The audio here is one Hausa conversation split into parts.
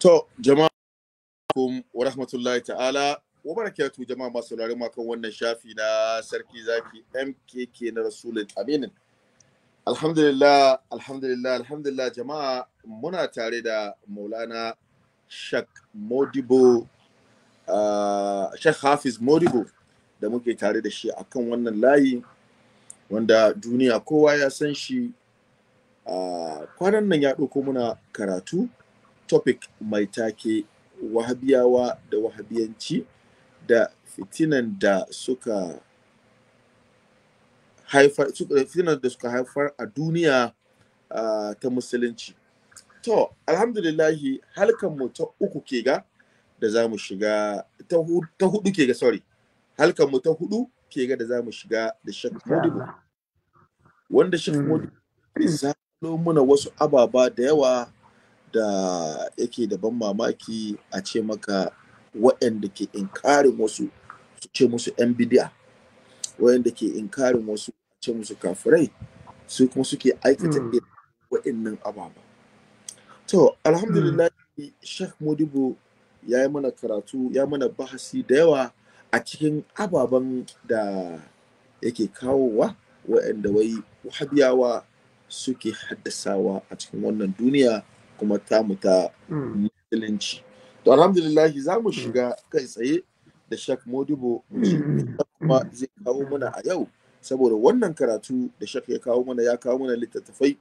To, jama'a wa rahmatullahi ta'ala, wa barakatu jama'a masu sauraron kan wannan shafi na sarki zaki MKK na Rasulun Aminin. Alhamdulillah, alhamdulillah, alhamdulillah jama'a muna tare da Maulana Shak Modibo, ah, Shak Hafiz Modibo da muke tare da shi akan wannan layi wanda duniya kowa ya san shi ah, kwanan nan ya ɗauko muna karatu. topic mai take wahabiyawa da wahabiyanci da fitinan da suka haifar fitinan da suka haifar a duniya ta musulunci to alhamdulillahi halkanmu ta uku ke ga da za mu shiga ta hudu ke ga sorry halkanmu ta hudu ke ga da za mu shiga da shak modibo wanda shak hmm. modibo za muna wasu ababa da yawa da yake da ban mamaki a ce maka waɗanda ke inkarin wasu su ce musu 'yan bidiya waɗanda ke inkarin wasu a ce musu kafirai su kuma suke aikata mm. waɗannan ababa to alhamdulillah shek Modibo ya yi mana karatu ya mana bahasi da yawa a cikin ababen da yake kawowa waɗanda wai wahabiyawa suke haddasawa a cikin wannan duniya kuma ta ta hmm. musulunci to alhamdulillahi za mu shiga hmm. kai tsaye da shak modibo hmm. kuma zai kawo mana a yau saboda wannan karatu da shak ya kawo mana ya kawo mana littattafai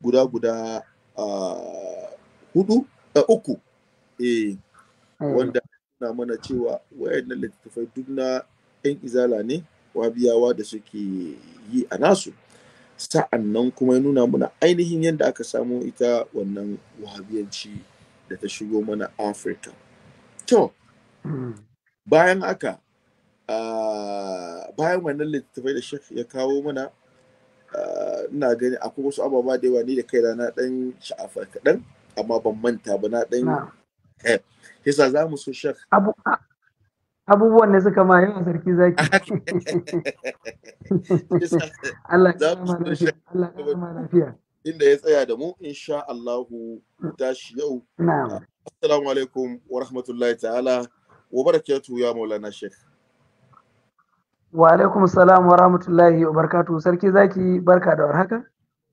guda guda ah, hudu da eh, uku eh, wanda na mana cewa na littattafai duk na yan izala ne wa biyawa da suke yi a nasu sa'an nan kuma ya nuna mana ainihin yadda aka samu ita wannan wahabiyanci da ta shigo mana afirka to bayan aka bayan wannan littattafai da shek ya kawo mana ina gani akwai wasu ababa da yawa ni da kaina na dan sha'afa kaɗan amma ban manta ba na dan eh, yasa za mu so shek abubuwan da suka ma yawa sarki zaki Allah ya kama lafiya Allah ya kama lafiya inda ya tsaya da mu insha Allahu tashi yau na'am assalamu alaikum wa rahmatullahi ta'ala wa barakatu ya maulana sheikh wa alaikum salam wa rahmatullahi wa barakatu. sarki zaki barka da warhaka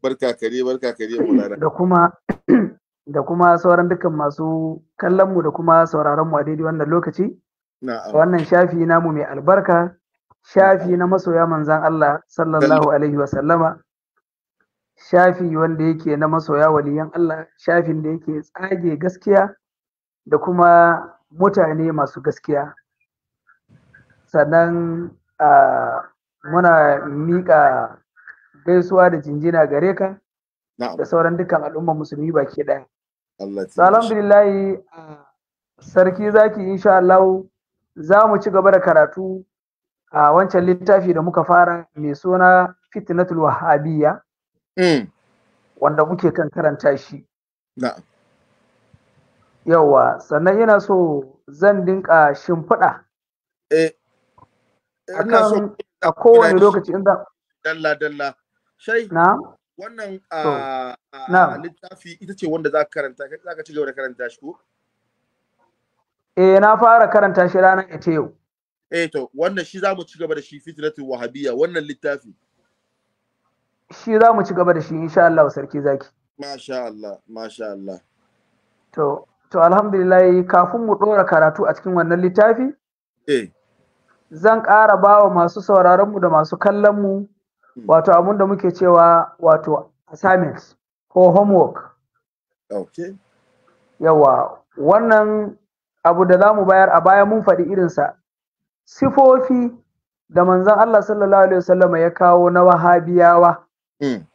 barka kare barka kare maulana da kuma da kuma sauran dukkan masu kallon mu da kuma sauraron mu a daidai wannan lokaci wannan shafi namu mai albarka shafi na masoya manzan Allah sallallahu alaihi wa shafi wanda yake na masoya waliyan Allah shafin da yake tsage gaskiya da kuma mutane masu gaskiya sannan muna miƙa gaisuwa da jinjina gare ka da sauran dukkan al'umma musulmi baki ɗaya. Alhamdulillah sarki zaki insha Allah za mu ci gaba da karatu a wancan littafi da muka fara mai suna fitnatul Wahabiya, mm. wanda muke kan karanta shi yawa sannan ina so zan dinka shimfiɗa eh, eh, a kowane lokaci inda dalla dalla shai na wannan littafi ita ce wanda za ka karanta za ka ci gaba da karanta shi ko eh na fara karanta shi ranar ita yau eh to wannan shi za mu ci gaba da shi fitnatul wahabiyya wannan littafi shi za mu ci gaba da shi insha Allah sarki zaki masha Allah masha Allah to to alhamdulillah kafin mu dora karatu a cikin wannan littafi eh zan ƙara ba wa masu sauraronmu da masu kallon mu, hmm. wato abun da muke cewa wato assignments ko homework. Okay. Yawa wannan abu da za mu bayar a baya mun faɗi sa, sifofi da manzon Allah sallallahu alaihi wasallama ya kawo na wahabiyawa hmm.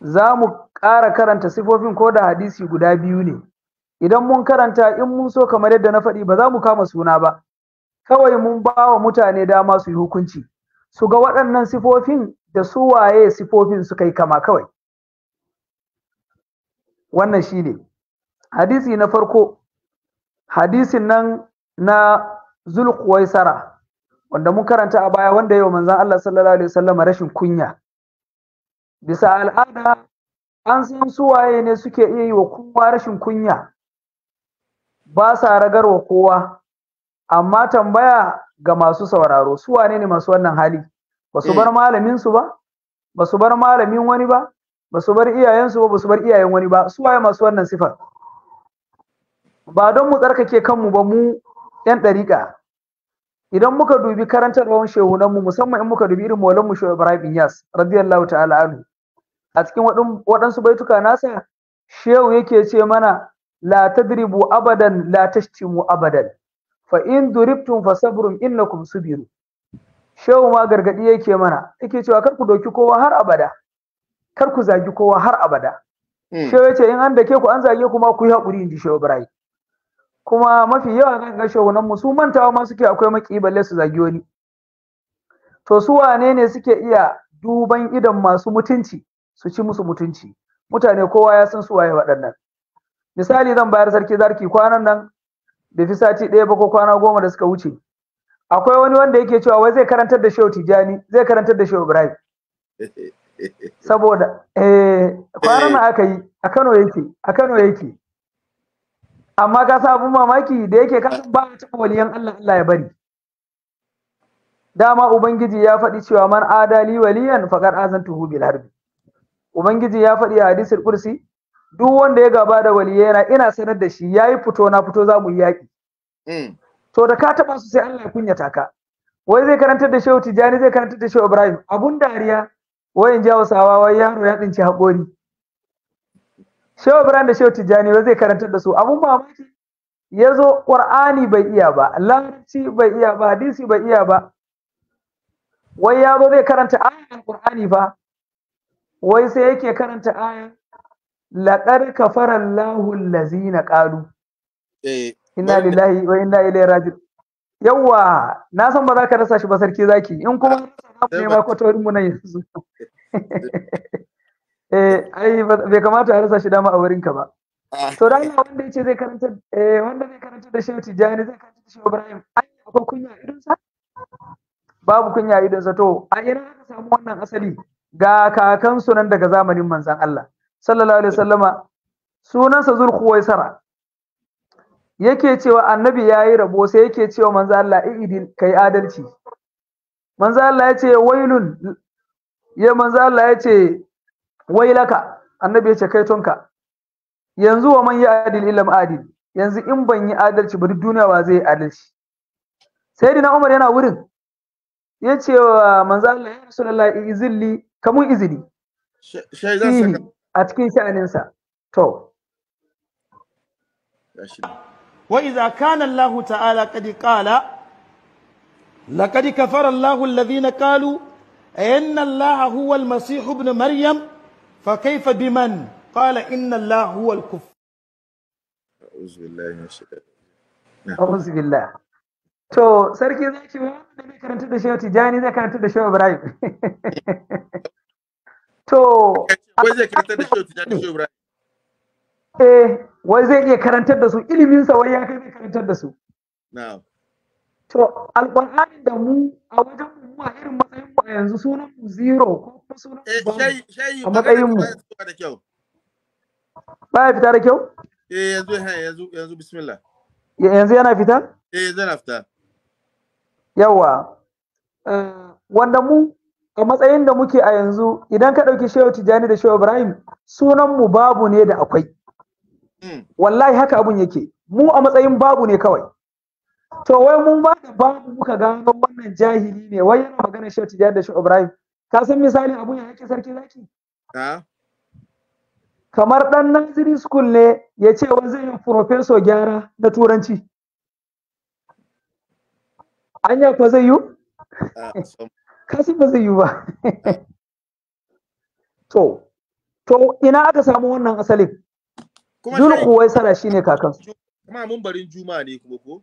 za mu ƙara karanta sifofin ko da hadisi guda biyu ne idan mun karanta in mun so kamar yadda na faɗi ba za mu kama suna ba kawai mun ba wa mutane dama su yi hukunci su ga waɗannan sifofin da su waye sifofin suka yi kama kawai wannan shi ne hadisi na farko hadisin nan na zulkuwaisara wanda mun karanta a baya wanda yau manzan Allah sallallahu alaihi wasallam rashin kunya bisa al'ada an san suwaye ne suke iya yi wa kowa rashin kunya ba sa wa kowa amma tambaya ga masu sauraro su ne masu wannan hali ba su bar eh. malamin su ba ba su bar malamin wani ba ba su bar iyayensu ba ba su bar iyayen wani ba su waye masu wannan sifar ba don mu tsarkake kanmu ba mu yan ɗariƙa idan muka dubi karantar karantarwar shehunanmu musamman in muka dubi irin maulanmu shehu ibrahim yas radiyallahu ta'ala anhu a cikin waɗansu baituka nasa shehu yake ce mana la tadribu abadan la tashtimu abadan fa in duribtum fa sabrun innakum subiru shehu ma gargadi yake mana yake cewa kar ku doki kowa har abada kar ku zagi kowa har abada hmm. shehu yace in an dake ku an zage ku ma ku yi hakuri ji shehu ibrahim kuma mafi yawa kan ga shehunan mu su mantawa ma suke akwai maki balle su zagi wani to su wane ne suke iya duban idan masu mutunci su ci musu mutunci mutane kowa ya san su waye waɗannan misali zan bayar sarki zarki kwanan nan da fi sati ɗaya ba ko kwana goma da suka wuce akwai wani wanda yake cewa wai zai karantar da shehu tijani zai karantar da shehu ibrahim saboda eh kwanan nan aka yi a kano yake a kano yake amma ka sa abun mamaki da yake ka ba a taɓa waliyan Allah Allah ya bari dama ubangiji ya faɗi cewa man adali waliyan azan tuhu bil harbi ubangiji ya faɗi a hadisul kursi duk wanda ya gaba da waliyana ina sanar da shi yayi fito na fito za mu yi yaƙi hmm. to da ka taɓa su sai Allah ya kunyata ka wai zai karantar da shehu Tijjani zai karantar da shehu ibrahim abun dariya Wai wayan jawo sawa wai yaro ya tsinci haƙori shehu ibrahim da shehu tijjani ba zai karantar da su abun mamaki ya zo ƙur'ani bai iya ba larabci bai iya ba hadisi bai iya ba wai ya zo zai karanta ayan ƙur'ani ba wai sai yake karanta ayan laƙar kafaran lahun lazina ƙalu eh, inna lillahi wa inna ilaihi raji'un yawa na san ba za ka rasa shi ba sarki zaki in kuma ah, rasa ne ma kwatorin mu nan yanzu eh, eh ai bai kamata a rasa shi dama a wurin ka ba ah. to da Allah wanda yace zai karanta eh wanda zai karanta da Shehu Tijani zai karanta da Shehu Ibrahim ai akwai kunya idan sa babu kunya idan sa to a ina aka samu wannan asali ga kakan sunan daga zamanin manzon Allah sallallahu alaihi wasallama sunansa Zulkhuwaisara yake cewa annabi yayi rabo sai yake cewa manzo Allah ka kai adalci manzo Allah ya ce wailun ya manzo Allah ya ce wailaka annabi ya ce kai tonka yanzu wa man adil illa adil yanzu in ban yi adalci ba duk duniya ba zai adalci sayyidina umar yana wurin ya ce wa manzo Allah ya rasulullahi izilli kamun izini a cikin sa to wa idza kana Allah ta'ala qad qala laqad kafara Allah alladhina qalu inna Allah huwa al-masih ibn maryam فكيف بمن قال إن الله هو الكفار أعوذ بالله من to sarki zai ce wanda bai karanta da shehu tijani zai karanta da shehu ibrahim to wai zai karanta da shehu eh wai zai iya karantar da su iliminsa wai ya kai karantar da su To, alƙur'ani da mu a wajen mu a irin matsayin mu a yanzu sunan mu zero ko kuma sunan mu eh, a matsayin mu. Baya fita da kyau? Eh yanzu yanzu yanzu bismillah. Yanzu yana fita? Eh yanzu yana fita. Yawa. Eh, wanda mu a matsayin da muke a yanzu idan ka ɗauki Shehu Tijjani da Shehu Ibrahim sunan mu babu ne da akwai. Hmm. Wallahi haka abun yake. Mu a matsayin babu ne kawai. to wai mun ba da babu muka gano wannan jahili ne wai yana magana shi tijjar da shi ibrahim ka san misalin abun ya yake sarki zaki kamar dan naziri school ne ya ce wa zai yi professor gyara na turanci anya ko zai yi san ba zai yi ba to to ina aka samu wannan asalin dulku wai sara shine kakansu kuma mun barin juma ne kuma ko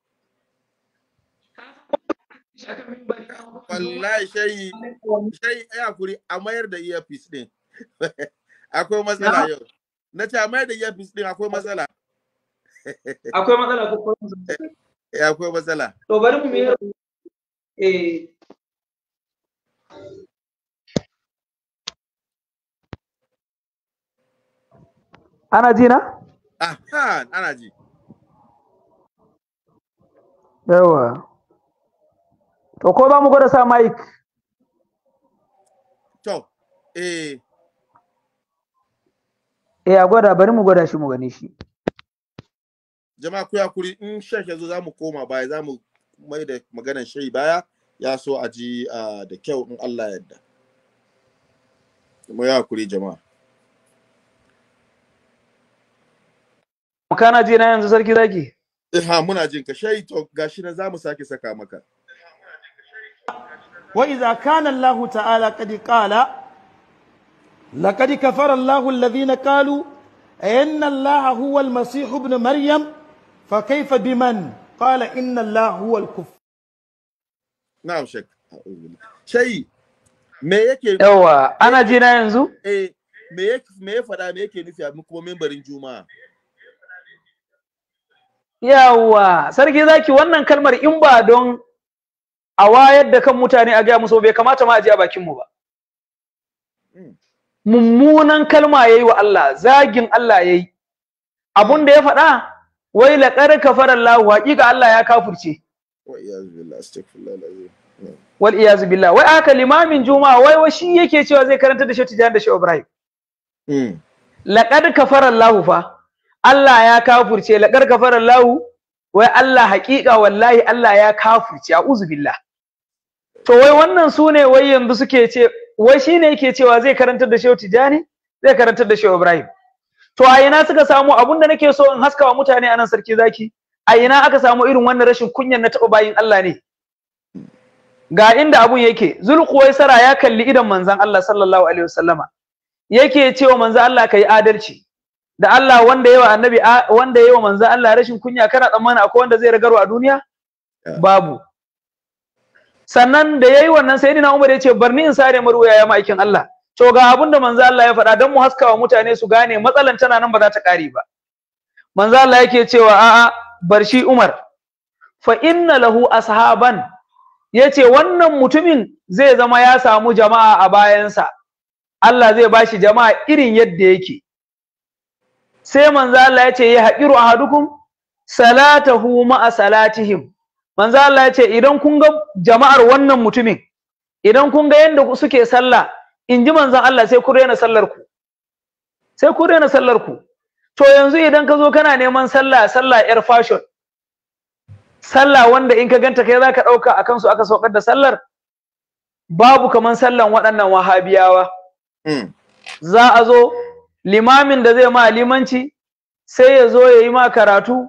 wallahi shayi shayi ya kuri a mayar da earpiece din akwai matsala yau na ce a mayar da earpiece din akwai matsala akwai matsala ko eh, eh, akwai matsala to bari mu mayar eh ana ji na aha ana ji yawa To ko ba mu gwada sa mic? To, eh. Eh a gwada bari mu gwada shi mu gane shi. Jama'a ku kuri, in shek yazo za mu koma baya za mu mai da maganar shai baya ya so a ji da kyau in Allah yadda. Mu kuri jama'a. Kana ji na yanzu sarki zaki? Eh ha muna jin ka shai to gashi na za mu sake saka maka. وإذا كان الله تعالى قد قال لقد كفر الله الذين قالوا إن الله هو المسيح ابن مريم فكيف بمن قال إن الله هو الكفر نعم شك شيء me yake yawa ana ji na yanzu eh me yake me ya fada me yake nufi a kuma membarin juma'a yawa sarki zaki wannan kalmar in don a wayar da kan mutane a gaya musu bai kamata ma a ji a bakin mu ba hmm. mummunan kalma yayi wa Allah zagin Allah yayi abun da ya faɗa wai laqad kafara Allah haqiqa Allah ya kafirce wa astaghfirullah hmm. wal iyaz billah wai aka limamin juma'a wai wa shi yake cewa zai karanta da shi tijan da shi Ibrahim hmm. laqad kafara Allah fa Allah ya kafirce laqad kafara Allah wai Allah haƙiƙa wallahi Allah ya kafurci a billah to wai wannan su ne wai yanzu suke ce wai shine yake cewa zai karantar da Shehu Tijani zai karantar da Shehu Ibrahim to a ina suka samu abun da nake so in haskawa mutane anan sarki zaki a ina aka samu irin wannan rashin kunyan na taɓa bayin Allah ne ga inda abun yake Sara ya kalli idan manzan Allah sallallahu alaihi wasallama yake cewa manzan Allah ka yi adalci da Allah wanda yawa annabi wanda yawa manzo Allah rashin kunya kana tsammani akwai wanda zai ragarwa a duniya babu sannan da yayi wannan sayyidina Umar yace barni in sare maruya ya ma'aikin Allah to ga abin da manzo Allah ya faɗa dan mu haskawa mutane su gane matsalan tana nan ba za ta kare ba manzo Allah yake cewa a'a bar shi Umar fa inna lahu ashaban yace wannan mutumin zai zama ya samu jama'a a bayansa Allah zai bashi jama'a irin yadda yake sai manzo Allah ya ce ya haqiru ahadukum salatahu ma'a salatihim manzo Allah ya idan kun ga jama'ar wannan mutumin idan kun ga yanda suke sallah in ji manzo Allah sai ku rena sallar ku sai ku rena sallar ku to yanzu idan ka zo kana neman sallah sallah yar fashion sallah wanda in ka ganta kai zaka dauka akan su aka saukar da sallar babu kaman sallan waɗannan wahabiyawa hmm. za a zo limamin da zai ma limanci sai ya zo ya yi ma karatu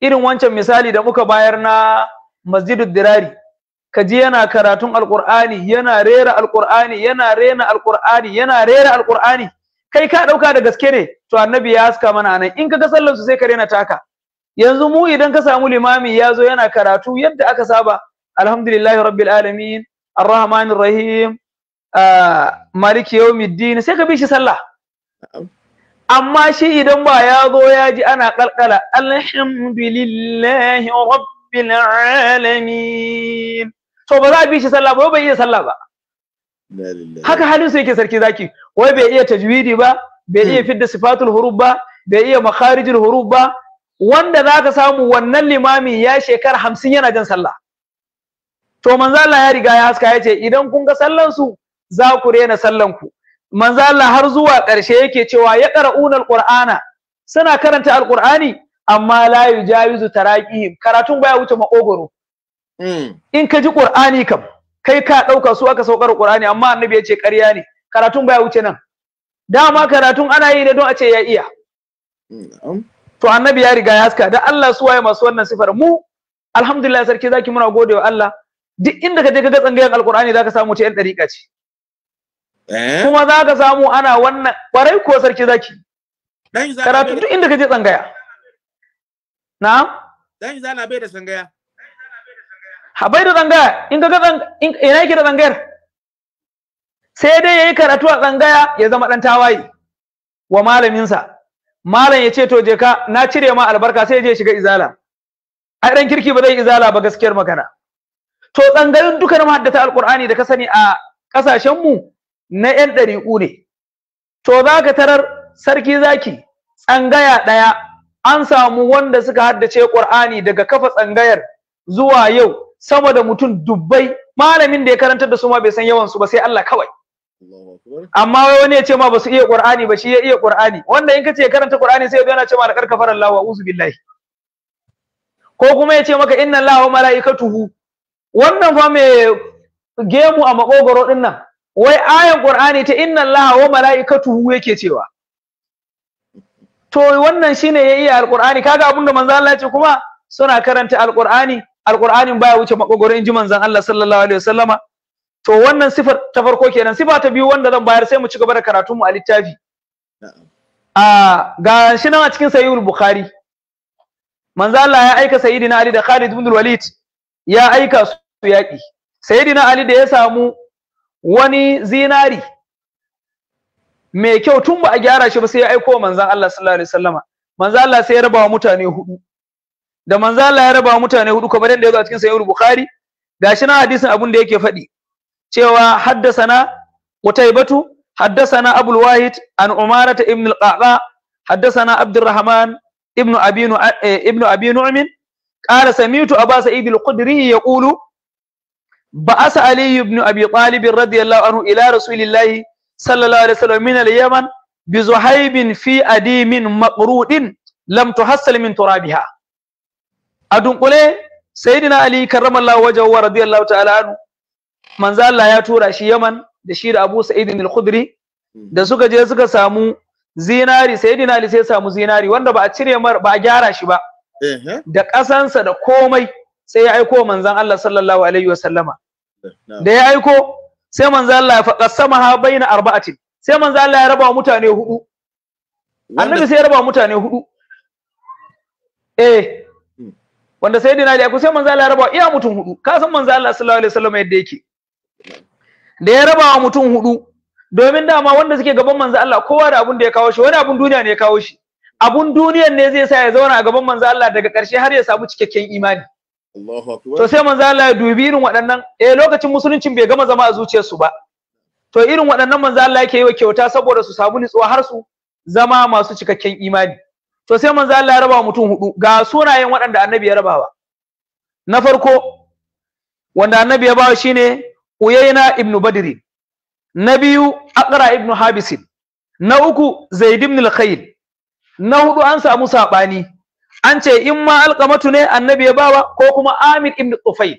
irin wancan misali da muka bayar na masjidul dirari ka ji yana karatun alkur'ani yana rera alkur'ani yana rena alkur'ani yana rera alkur'ani kai ka ɗauka da gaske ne to annabi ya haska mana nan in ka ga sallarsu su sai ka rena taka yanzu mu idan ka samu limami ya zo yana karatu yadda aka saba alhamdulillahi rabbil alamin arrahmanir rahim ah, maliki yawmiddin sai ka bi shi sallah amma shi idan ba ya zo ya ji ana ƙarƙara alhamdulillahi rabbil alamin to ba za a bi shi sallah ba bai iya sallah ba haka halin su yake sarki zaki wai bai iya tajwidi ba bai iya hmm. fidda sifatul huruf ba bai iya makharijul huruf ba wanda za ka samu wannan limami ya shekara hamsin yana jan sallah to manzo Allah ya riga ya haska ya ce idan kun ga sallan su za ku rena sallan ku manzo Allah har zuwa ƙarshe yake cewa ya qara'una alqur'ana suna karanta alqur'ani amma la yujawizu taraqihim karatun baya wuce mm. in ka ji qur'ani kam kai ka dauka su aka saukar qur'ani amma annabi ya ce ƙarya ne karatun baya wuce nan dama karatun ana yi ne don a ce ya iya hmm. to annabi ya riga ya haska da Allah su waye masu wannan sifar mu alhamdulillah sarki zaki muna gode wa Allah duk inda ka je ka ga tsangayen alqur'ani zaka samu ta yan dariƙa ce Eh? kuma za ka samu ana wannan ƙwarai ko sarki zaki karatu duk inda ka je tsangaya na dan zana bai da tsangaya ha bai da tsangaya in ka ga ina yake da tsangayar sai dai yayi karatu a tsangaya ya zama dan tawaye wa malaminsa malam ya ce to je ka na cire ma albarka sai je shiga izala ai dan kirki ba zai izala ba gaskiyar magana to tsangayin duka na haddata alqur'ani da ka sani a kasashen mu na 'yan ɗari'u ne to za ka tarar sarki zaki tsangaya ɗaya an samu wanda suka haddace ƙur'ani daga kafa tsangayar zuwa yau sama da mutum dubbai malamin da ya karanta da su ma bai san yawan su ba sai Allah kawai amma wai wani ya ce ma ba su iya Qur'ani ba shi ya iya Qur'ani wanda in ka ce karanta Qur'ani sai yana ce ma da karka farar wa uzu billahi ko kuma ya ce maka inna wa malaikatuhu wannan fa me gemu a makogoro dinnan. wai ayan qur'ani ta inna allaha wa mala'ikatuhu yake cewa to wannan shine ya iya alqur'ani kaga abin manzo Allah ce kuma suna karanta alqur'ani alqur'anin baya wuce makogoron ji manzon Allah sallallahu alaihi wasallama to wannan sifar ta farko kenan sifa ta biyu wanda zan bayar sai mu ci gaba da karatun mu a littafi a ga shi nan a cikin sahihul bukhari manzo Allah ya aika sayyidina Ali da Khalid ibn Walid ya aika su yaki sayyidina Ali da ya samu wani zinari mai kyau tun ba a gyara shi ba sai ya aiko manzan Allah sallallahu alaihi wasallama manzan Allah sai ya raba mutane hudu da manzan Allah ya raba mutane hudu kamar yadda ya zo a cikin sahih bukhari gashi na hadisin abin da yake faɗi cewa haddasana qutaybatu haddasana abul wahid an umarata ibn al-qaqa haddasana abdurrahman ibn abi eh, ibn abi nu'min qala sami'tu aba ibn al ya yaqulu ba'asa ali ibn abi talib radiyallahu anhu ila rasulillahi sallallahu alaihi wasallam min al-yaman bi zuhaybin fi adimin maqrudin lam tuhassal turabiha adun kule sayyidina ali karramallahu wajhahu wa radiyallahu ta'ala anhu manzo ya tura shi yaman da shi da abu sa'id al-khudri da suka je suka samu zinari sayyidina ali sai samu zinari wanda ba a cire ba a gyara shi ba da kasansa da komai sai ya aiko manzon Allah sallallahu alaihi wa sallama da ya aiko sai manzon Allah ya ha baina arba'atin sai manzon Allah ya raba wa mutane hudu annabi sai ya raba wa mutane hudu eh hmm. wanda sai dina da sai manzon Allah ya raba iya mutum hudu ka san manzon Allah sallallahu alaihi wa sallama yadda yake da ya raba wa mutum hudu domin dama wanda suke gaban manzo Allah kowa da abun da ya kawo shi wani abun duniya ne ya kawo shi abun duniyan ne zai sa ya zauna a gaban manzo Allah daga ƙarshe har ya samu cikakken imani to sai manzo Allah ya dubi irin waɗannan eh lokacin musuluncin bai gama zama a zuciyarsu ba to irin waɗannan manzo Allah yake yi wa kyauta saboda su samu nutsuwa har su zama masu cikakken imani to sai manzo Allah ya raba mutum hudu ga sunayen waɗanda annabi ya rabawa na farko wanda annabi ya bawa shine Uyayna ibn Badr. na biyu Aqra ibn Habisin na uku Zaid ibn al-Khayl na hudu an samu sabani an ce in ma alqamatu ne annabi ya bawa ko kuma amir ibn tufayl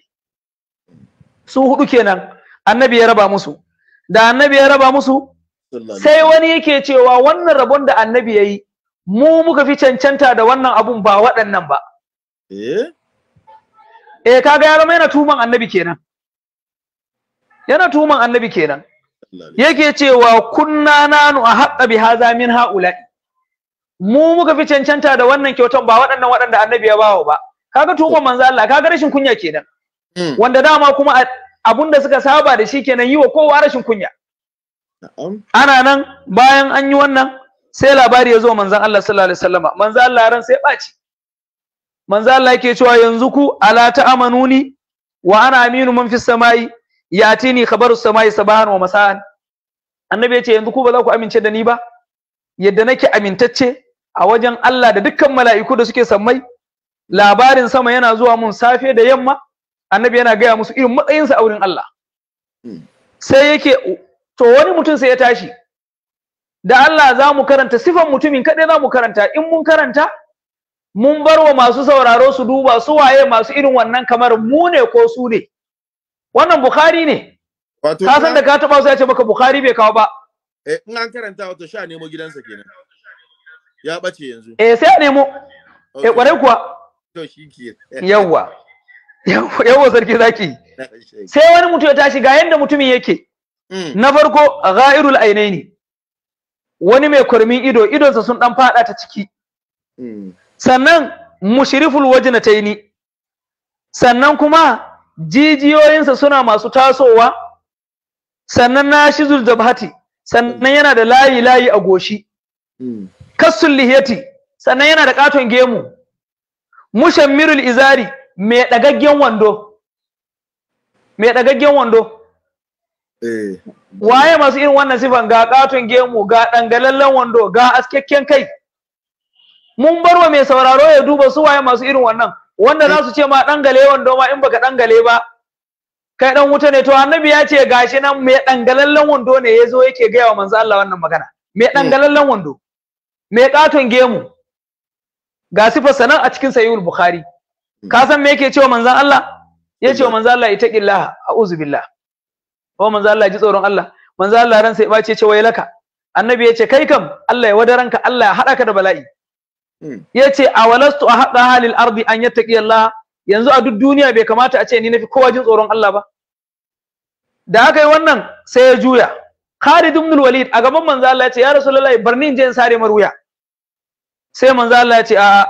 su hudu kenan annabi ya raba musu da annabi ya raba musu sai wani yake cewa wannan rabon da annabi ya yi mu muka fi cancanta da wannan abun ba waɗannan ba eh eh kaga ya zama yana tuman annabi kenan yana tuman annabi kenan yake cewa kunna nanu a haƙƙa bi haza min ha'ula'i mu muka fi cancanta da wannan kyautan ba waɗannan waɗanda annabi ya bawa ba kaga tuhumar manzo Allah kaga rashin kunya kenan hmm. wanda dama kuma abun da suka saba da shi kenan yi wa kowa rashin kunya ana nan bayan an yi wannan sai labari ya zo manzon Allah sallallahu alaihi wasallama manzo Allah ran sai ɓaci manzo Allah yake cewa yanzu ku ala ta'amanuni wa ana aminu man fis samai yatini khabaru samai sabahan wa masa'an annabi ya ce yanzu ku ba za ku amince da ni ba yadda nake amintacce a wajen Allah da dukkan mala'iku da suke sammai labarin sama yana zuwa mun safe da yamma annabi yana gaya musu irin matsayinsa a wurin Allah hmm. sai yake to wani mutum sai ya tashi da Allah za mu karanta sifan mutumin kaɗai za mu karanta in mun karanta mun bar wa masu sauraro su duba su waye masu irin wannan kamar mu ne ko su ne wannan bukhari ne ka san da ka taba su ya ce maka bukhari bai kawo ba eh in an karanta wato sha nemo gidansa kenan ya bace yanzu eh sai a nemo eh kware kuwa to shike yawa yawa sarki zaki sai wani mutum ya tashi ga yanda mutumin yake mm. na farko ghairul ainaini wani mai kurmin ido idonsa sun dan fada ta ciki mm. sannan mushriful wajnataini sannan kuma jijiyoyinsa suna masu tasowa sannan nashizul jabhati sannan mm. yana da layi layi a goshi kassul lihiyati sannan yana da katon gemu mushammirul izari mai dagaggen wando mai dagaggen wando eh. waye masu irin wannan sifan ga katon gemu ga dangalallen wando ga askekken kai mun barwa mai sauraro ya duba su waye masu irin wannan wanda za su ce ma dangale wando ma in baka dangale ba kai dan wuta ne to annabi ya ce gashi nan mai dangalallen wando ne yazo yake gaya wa manzo Allah wannan magana mai dangalallen wando mai katon gemu ga sifar sanan a cikin sahihul bukhari ka san me yake cewa manzon Allah ya ce wa manzon Allah itaqillaha a'udhu billah ko manzon Allah ji tsoron Allah manzon Allah ran sai ba ce wailaka annabi ya ce kai kam Allah ya wadaranka Allah ya hada ka da bala'i hmm. ya ce a walastu a haɗa halil ardi an yattaqi Allah yanzu a duk duniya bai kamata a ce ni nafi kowa jin tsoron Allah ba da aka yi wannan sai ya juya Khalid ibn Walid a gaban manzo Allah ya ce ya Rasulullahi bar ni in je in sare maruya? sai manzo Allah ya ce a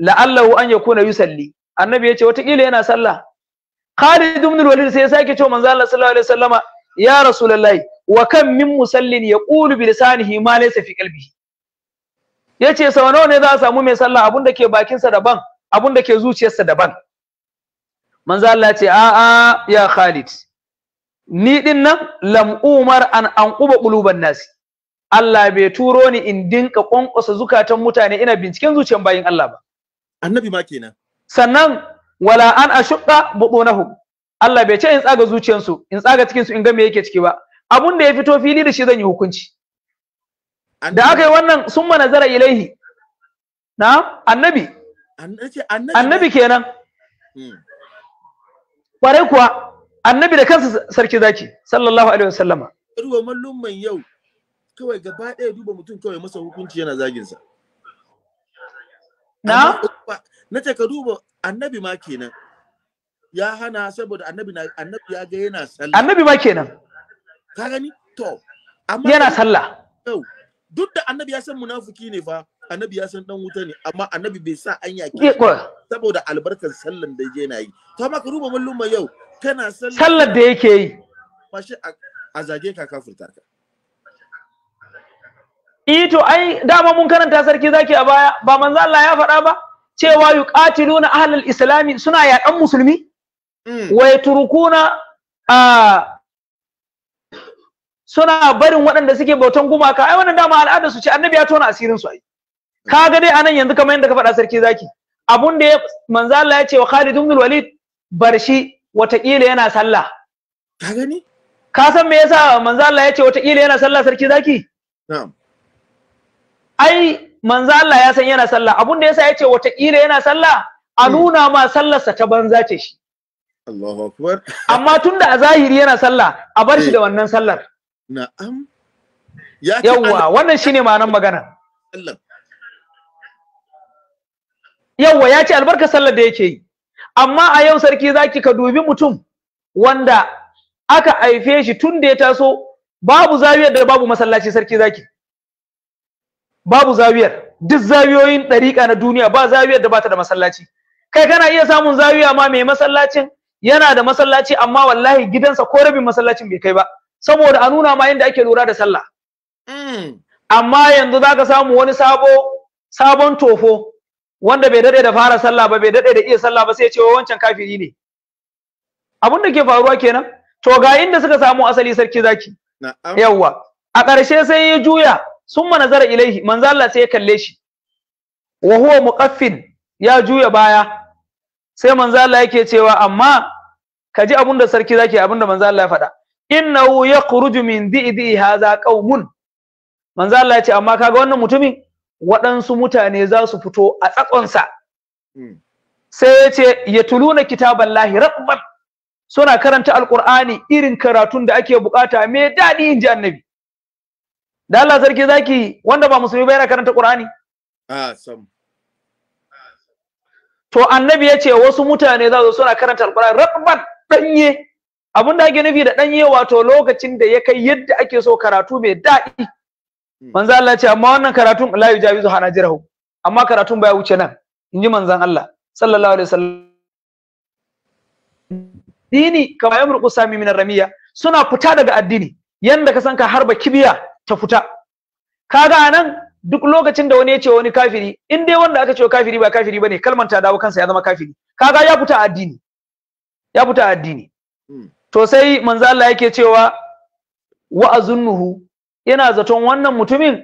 la'allahu an yakuna yusalli annabi ya ce watakila yana sallah Khalid ibn al-Walid sai ya sake cewa manzo Allah sallallahu alaihi wasallam ya rasulullahi wa kam min musallin yaqulu bi lisanihi ma laysa fi qalbihi yace sau nawa ne za a samu mai sallah abun ke bakinsa daban abun ke zuciyarsa daban manzo Allah ce a'a ya Khalid ni din nan lam umar an anquba quluban nasi Allah bai turo ni in dinka kwankwasa zukatan mutane ina binciken zuciyan bayin Allah ba annabi ma kenan sannan wala an ashqa butunahum Allah bai ce in tsaga zuciyansu in tsaga cikin su in ga me yake ciki ba abun da ya fito fili da shi zan yi hukunci da aka yi wannan summa nazara ilaihi na annabi annabi kenan hmm. kwarai kuwa annabi da kansa sarki zaki sallallahu alaihi wasallama ruwa mallumman yau kawai gaba ɗaya duba mutum kawai masa hukunci yana zaginsa. Na? Na ce ka duba annabi ma kenan. Ya hana saboda annabi na annabi ya ga yana sallah. Annabi ma kenan. Ka gani? To. Amma yana sallah. Yau. Duk da annabi ya san munafuki ne fa, annabi ya san dan wuta ne, amma annabi bai sa an ke. Eh, saboda albarkar sallan da yake yana yi. To amma ka duba malluma yau kana sallah. Sallar da yake yi. Mashi a zage ka kafurta ka. eh to ai dama mun karanta sarki zaki a baya ba manzo Allah ya faɗa ba cewa yuqatiluna ahlul islami suna yaƙan musulmi mm. wa yatrukuna a suna barin waɗanda suke bautan gumaka ai wannan dama al'adar su ce annabi ya tona asirin su ai kaga dai anan yanzu kamar yadda ka faɗa sarki zaki abun da manzo Allah ya ce wa Khalid ibn Walid barshi watakila yana sallah ka gani ka san me yasa manzo Allah ya ce watakila yana sallah sarki zaki na'am ai manzo Allah ya san yana sallah abun da yasa yace wata kila yana sallah a hmm. nuna ma sallarsa ta banza ce shi Allahu akbar amma tunda a zahiri yana sallah a bar shi da eh. wannan sallar na'am ya yawa wannan shine ma'anar magana yawa ya ce albarka sallar da yake yi amma a yau sarki zaki ka dubi mutum wanda aka haife shi tun da ya taso babu zawiyar da babu masallaci sarki zaki babu zawiyar duk zawiyoyin ɗariƙa na duniya ba zawiyar da bata da masallaci kai kana iya samun zawiya ma mai masallacin yana da masallaci amma wallahi gidansa ko rabin masallacin bai kai ba saboda a nuna ma yadda ake lura da sallah mm. amma yanzu zaka samu wani sabo sabon tofo wanda bai dade da fara sallah ba bai dade da iya sallah ba sai ya ce wancan kafiri ne abin da ke faruwa kenan to ga inda suka samu asali sarki zaki yawwa a ƙarshe sai ya juya summa nazara ilaihi manzo Allah sai ya kalle shi wa huwa muqaffin ya juya baya sai manzo Allah yake cewa amma kaji abun sarki zake abun da manzo Allah ya faɗa innahu yakhruju min di'di hadha qaumun manzo Allah ya ce amma kaga wannan mutumin waɗansu mutane za su fito a sa. Hmm. sai ya ce ya tuluna kitabar rabban suna karanta alƙur'ani irin karatun da ake bukata mai daɗi in ji annabi da Allah sarki zaki wanda ba musulmi ba yana karanta Qur'ani sam to annabi ya ce wasu mutane za suna karanta alqur'ani rabban danye abin da ake nufi da danye wato lokacin da ya kai yadda ake so karatu mai daɗi hmm. manzo Allah ya ce amma wannan karatun la yujawizu hanajirahu amma karatun baya wuce nan inji manzon Allah sallallahu alaihi wasallam dini kama yamruqu sami min ramiya suna fita daga addini yanda ka san ka harba kibiya ta fita kaga anan duk lokacin da wani ya ce wani kafiri in dai wanda aka ce kafiri ba kafiri bane kalmar ta dawo kansa ya zama kafiri kaga ya fita addini ya fita addini hmm. to sai manzo Allah yake cewa wa azunnuhu yana zaton wannan mutumin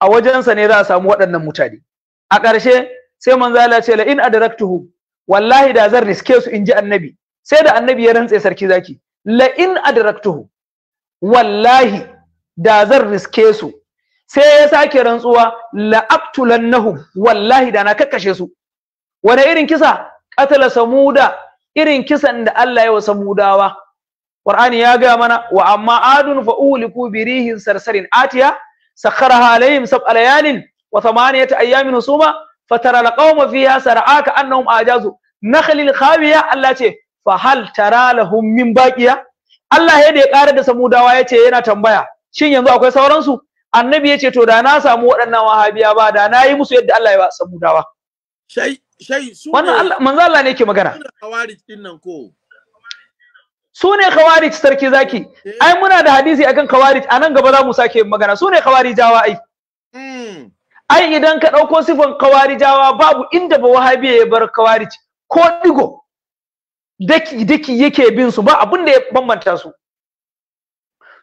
a wajensa ne za a samu waɗannan mutane a ƙarshe sai manzo Allah ya ce la in adraktuhu wallahi da zan riske su in ji annabi sai da annabi ya rantse sarki zaki la in adraktuhu wallahi da zan riske su sai ya sake rantsuwa la'abtulannahum wallahi da na kakkashe su wani irin kisa qatala samuda irin kisan da Allah ya wa samudawa Qur'ani ya gaya mana wa amma adun fa uliku bi rihin sarsarin atiya sakharaha alaihim sab alayalin wa thamaniyata ayamin husuma fatara alqawma fiha sar'aka annahum ajazu nakhlil khawiya Allah ce fa hal tara lahum min baqiya Allah ya da ya karar da samudawa ya ce yana tambaya shin yanzu akwai sauransu annabi ya ce to da na samu waɗannan wahabiya ba da na yi musu yadda Allah ya ba dawa. shai shai su wannan Allah manzo Allah ne yake magana khawarij din nan ko su ne khawarij sarki zaki eh. ai muna da hadisi akan khawarij anan gaba za mu sake magana su ne khawarijawa ai hmm. ai idan ka ɗauko sifan khawarijawa babu inda ba wahabiya ya bar khawarij ko digo daki daki yake bin su ba abin da ya bambanta su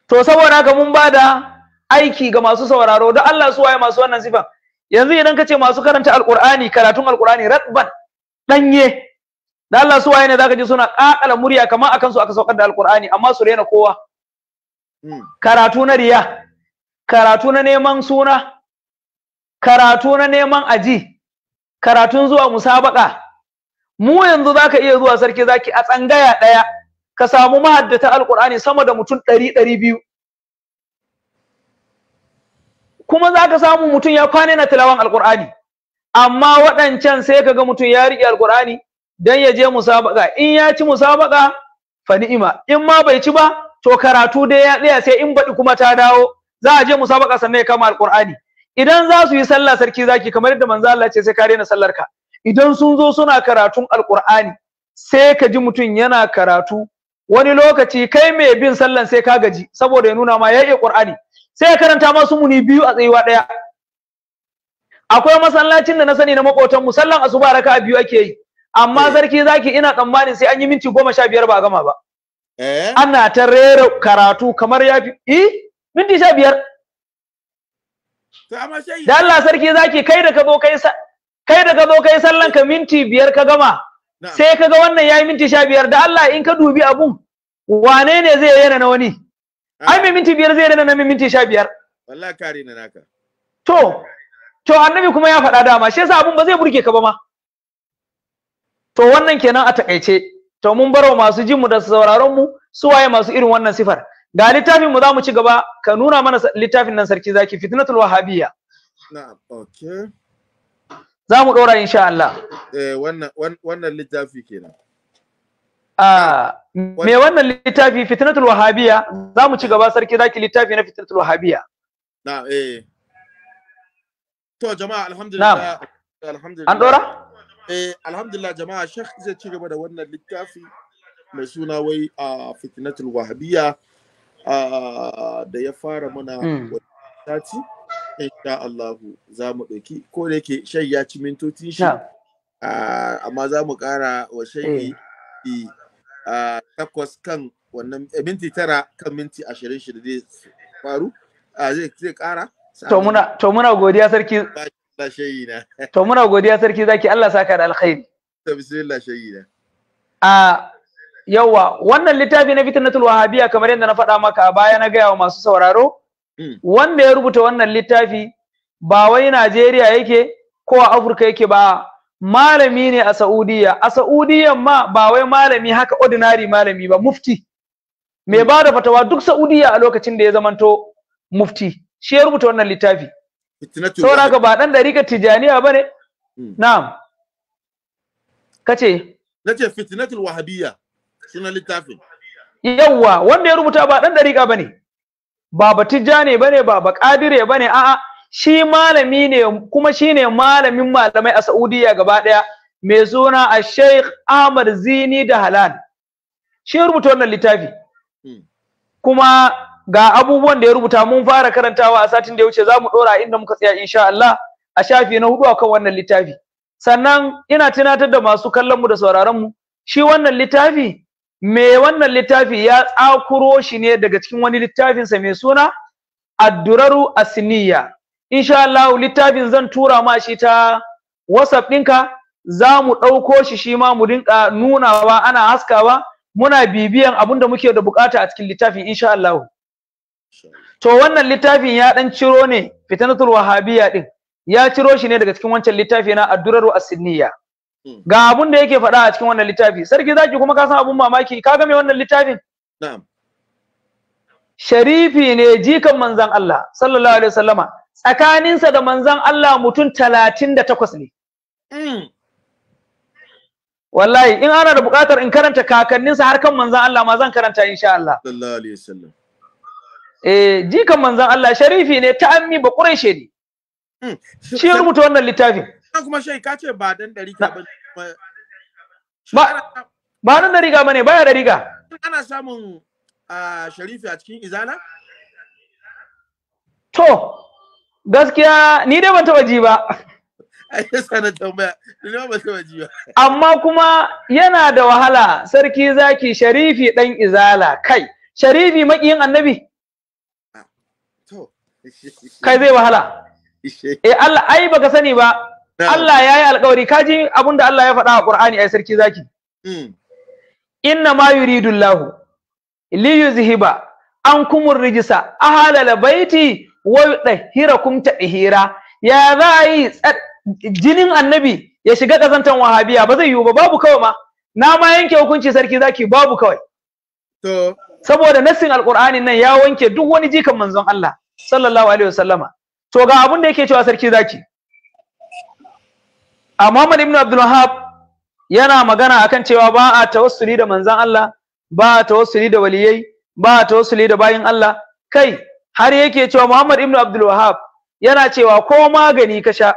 to saboda haka mun bada aiki ga masu sauraro da Allah su waye masu wannan sifa yanzu idan ka ce masu karanta alqur'ani karatun alqur'ani ratban ɗanye. da Allah su waye ne zaka ji suna kakala murya kamar akan su aka saukar da alqur'ani amma su rena kowa hmm. karatu na riya karatu na neman suna karatu na neman aji karatun zuwa musabaka mu yanzu zaka iya zuwa sarki zaki a tsangaya ɗaya. ka samu mahaddata alqur'ani sama da mutum ɗari ɗari biyu kuma za ka samu mutum ya kwana na tilawan alqur'ani amma waɗancan sai ka ga mutum ya riƙe alqur'ani dan ya je musabaka in ya ci musabaka fa ni'ima in ma bai ci ba to karatu dai ya tsaya sai in baɗi kuma ta dawo za a je musabaka sannan ya kama alqur'ani idan za su yi sallah sarki zaki kamar yadda manzo Allah ce sai ka daina sallar ka idan sun zo suna karatun alqur'ani sai ka ji mutum yana karatu wani lokaci kai mai bin sallan sai ka gaji saboda ya nuna ma ya yi qur'ani sai ya karanta masu muni biyu a tsayuwa daya akwai masallacin da na sani na makotan mu sallan asuba raka biyu ake yi amma eh. sarki zaki ina tsammanin sai an yi minti goma sha biyar ba a gama ba eh. ana ta rera karatu kamar ya fi eh minti sha biyar da Allah sarki zaki kai da ka zo kai kai da ka zo kai sallan ka minti biyar ka gama sai kaga wannan yayi minti sha biyar da Allah in ka dubi abun wane ne zai yana na wani ai mai minti biyar zai yana na mai minti sha biyar wallahi kare na naka to to annabi kuma ya faɗa dama shi yasa abun ba zai burge ka ba ma to wannan kenan a takaice to mun baro masu jinmu da sauraron mu su waye masu irin wannan sifar ga littafin mu za mu ci gaba ka nuna mana littafin nan sarki zaki fitnatul wahabiyya na'am okay za mu ɗora insha Allah. Eh, wannan littafi kenan. Ah, ah me wannan littafi fitnatul wahabiya za mu ci gaba sarki zaki littafi na fitnatul wahabiya. Na, eh. To jama'a alhamdulillah. Alhamdulillah. An ɗora? Eh, alhamdulillah jama'a shekh zai ci gaba da wannan littafi mai suna wai a fitnatul wahabiya da ya fara mana hmm. wani sati. insha Allahu za mu ɗauki ko da yake shai ya ci mintoci shi amma za mu ƙara wa shai eh. takwas kan wannan eh, minti tara kan minti ashirin shi da zai faru zai ƙara to muna godiya sarki to muna godiya sarki zaki Allah saka da alkhairi to bismillah shayina a yawa wannan littafi na fitnatul wahabiya kamar yadda na faɗa maka a baya na gaya wa masu sauraro wanda ya rubuta wannan littafi ba wai Najeriya yake ko a Afirka yake ba malami ne a Saudiya a Saudiya ma ba wai malami haka ordinary malami ba mufti mai hmm. ba da fatawa duk Saudiya a lokacin da ya zamanto mufti shi ya rubuta wannan littafi saboda haka ba dan dariƙar Tijaniya ne hmm. na'am kace nace fitnatul wahabiyya sunan littafin yawa wanda ya rubuta ba dan dariƙa bane ba batijjane ne ba ne, ba kadire bane a'a shi malami ne kuma shi ne malamin malamai a Saudiya gaba daya mai suna a Sheikh Ahmad Zini da Halal shi rubuta wannan littafi hmm. kuma ga abubuwan da ya rubuta mun fara karantawa a satin da ya wuce za mu dora inda muka tsaya insha Allah a shafi na hudu akan wannan littafi sannan ina tunatar da masu kallon mu da sauraron mu shi wannan littafi me wannan littafi ya tsakuro shi ne daga cikin wani littafinsa mai suna adduraru asiniya insha Allah littafin zan tura ma shi ta whatsapp ɗinka za mu ɗauko shi shi ma mu dinka nunawa ana haskawa muna bibiyan abin da muke da bukata a cikin littafin insha Allah to wannan littafin ya dan ciro ne fitanatul wahabiyya din ya ciro shi ne daga cikin wancan littafi na adduraru asiniya Hmm. ga abun da yake faɗa a cikin wannan littafi sarki zaki kuma ka san abun mamaki ka ga me wannan littafin na'am sharifi ne jikan manzan Allah sallallahu alaihi wasallama tsakaninsa da manzan Allah mutum talatin da takwas ne hmm. wallahi in ana da buƙatar in karanta kakanninsa har kan manzan Allah ma zan karanta insha Allah sallallahu alaihi wasallam eh jikan manzan Allah sharifi ne ta ammi ba quraishe ne hmm. shi rubuta wannan littafin Nan kuma shai ka ce ba dan ba. Ba nan da riga bane baya da riga. Ana samun Sharifi a cikin Izana? To, gaskiya ni dai ban taba ji ba. Amma kuma yana da wahala sarki zaki sharifi dan izala kai, sharifi makiyin annabi? Ah, kai zai wahala. Eh Allah ai baka sani ba Allah ya yi alkawari kaji abin da Allah ya faɗa a Qur'ani ai sarki zaki hmm. inna ma yuridu Allahu li yuzhiba ankumur rijsa ahalal baiti wa yudahhirakum hira. ya za a yi jinin annabi ya shiga kazantan wahabiya ba zai yiwu ba babu kawai ma na ma yanke hukunci sarki zaki babu kawai to saboda nassin alqur'ani nan ya wanke duk wani jikan manzon Allah sallallahu alaihi wasallama to ga abin da yake cewa sarki zaki a Muhammad ibn Abdul Wahab yana magana akan cewa ba a tawassuli da manzan Allah ba a tawassuli da waliyai ba a tawassuli da bayin Allah kai har yake cewa Muhammad ibn Abdul Wahab yana cewa ko magani ka sha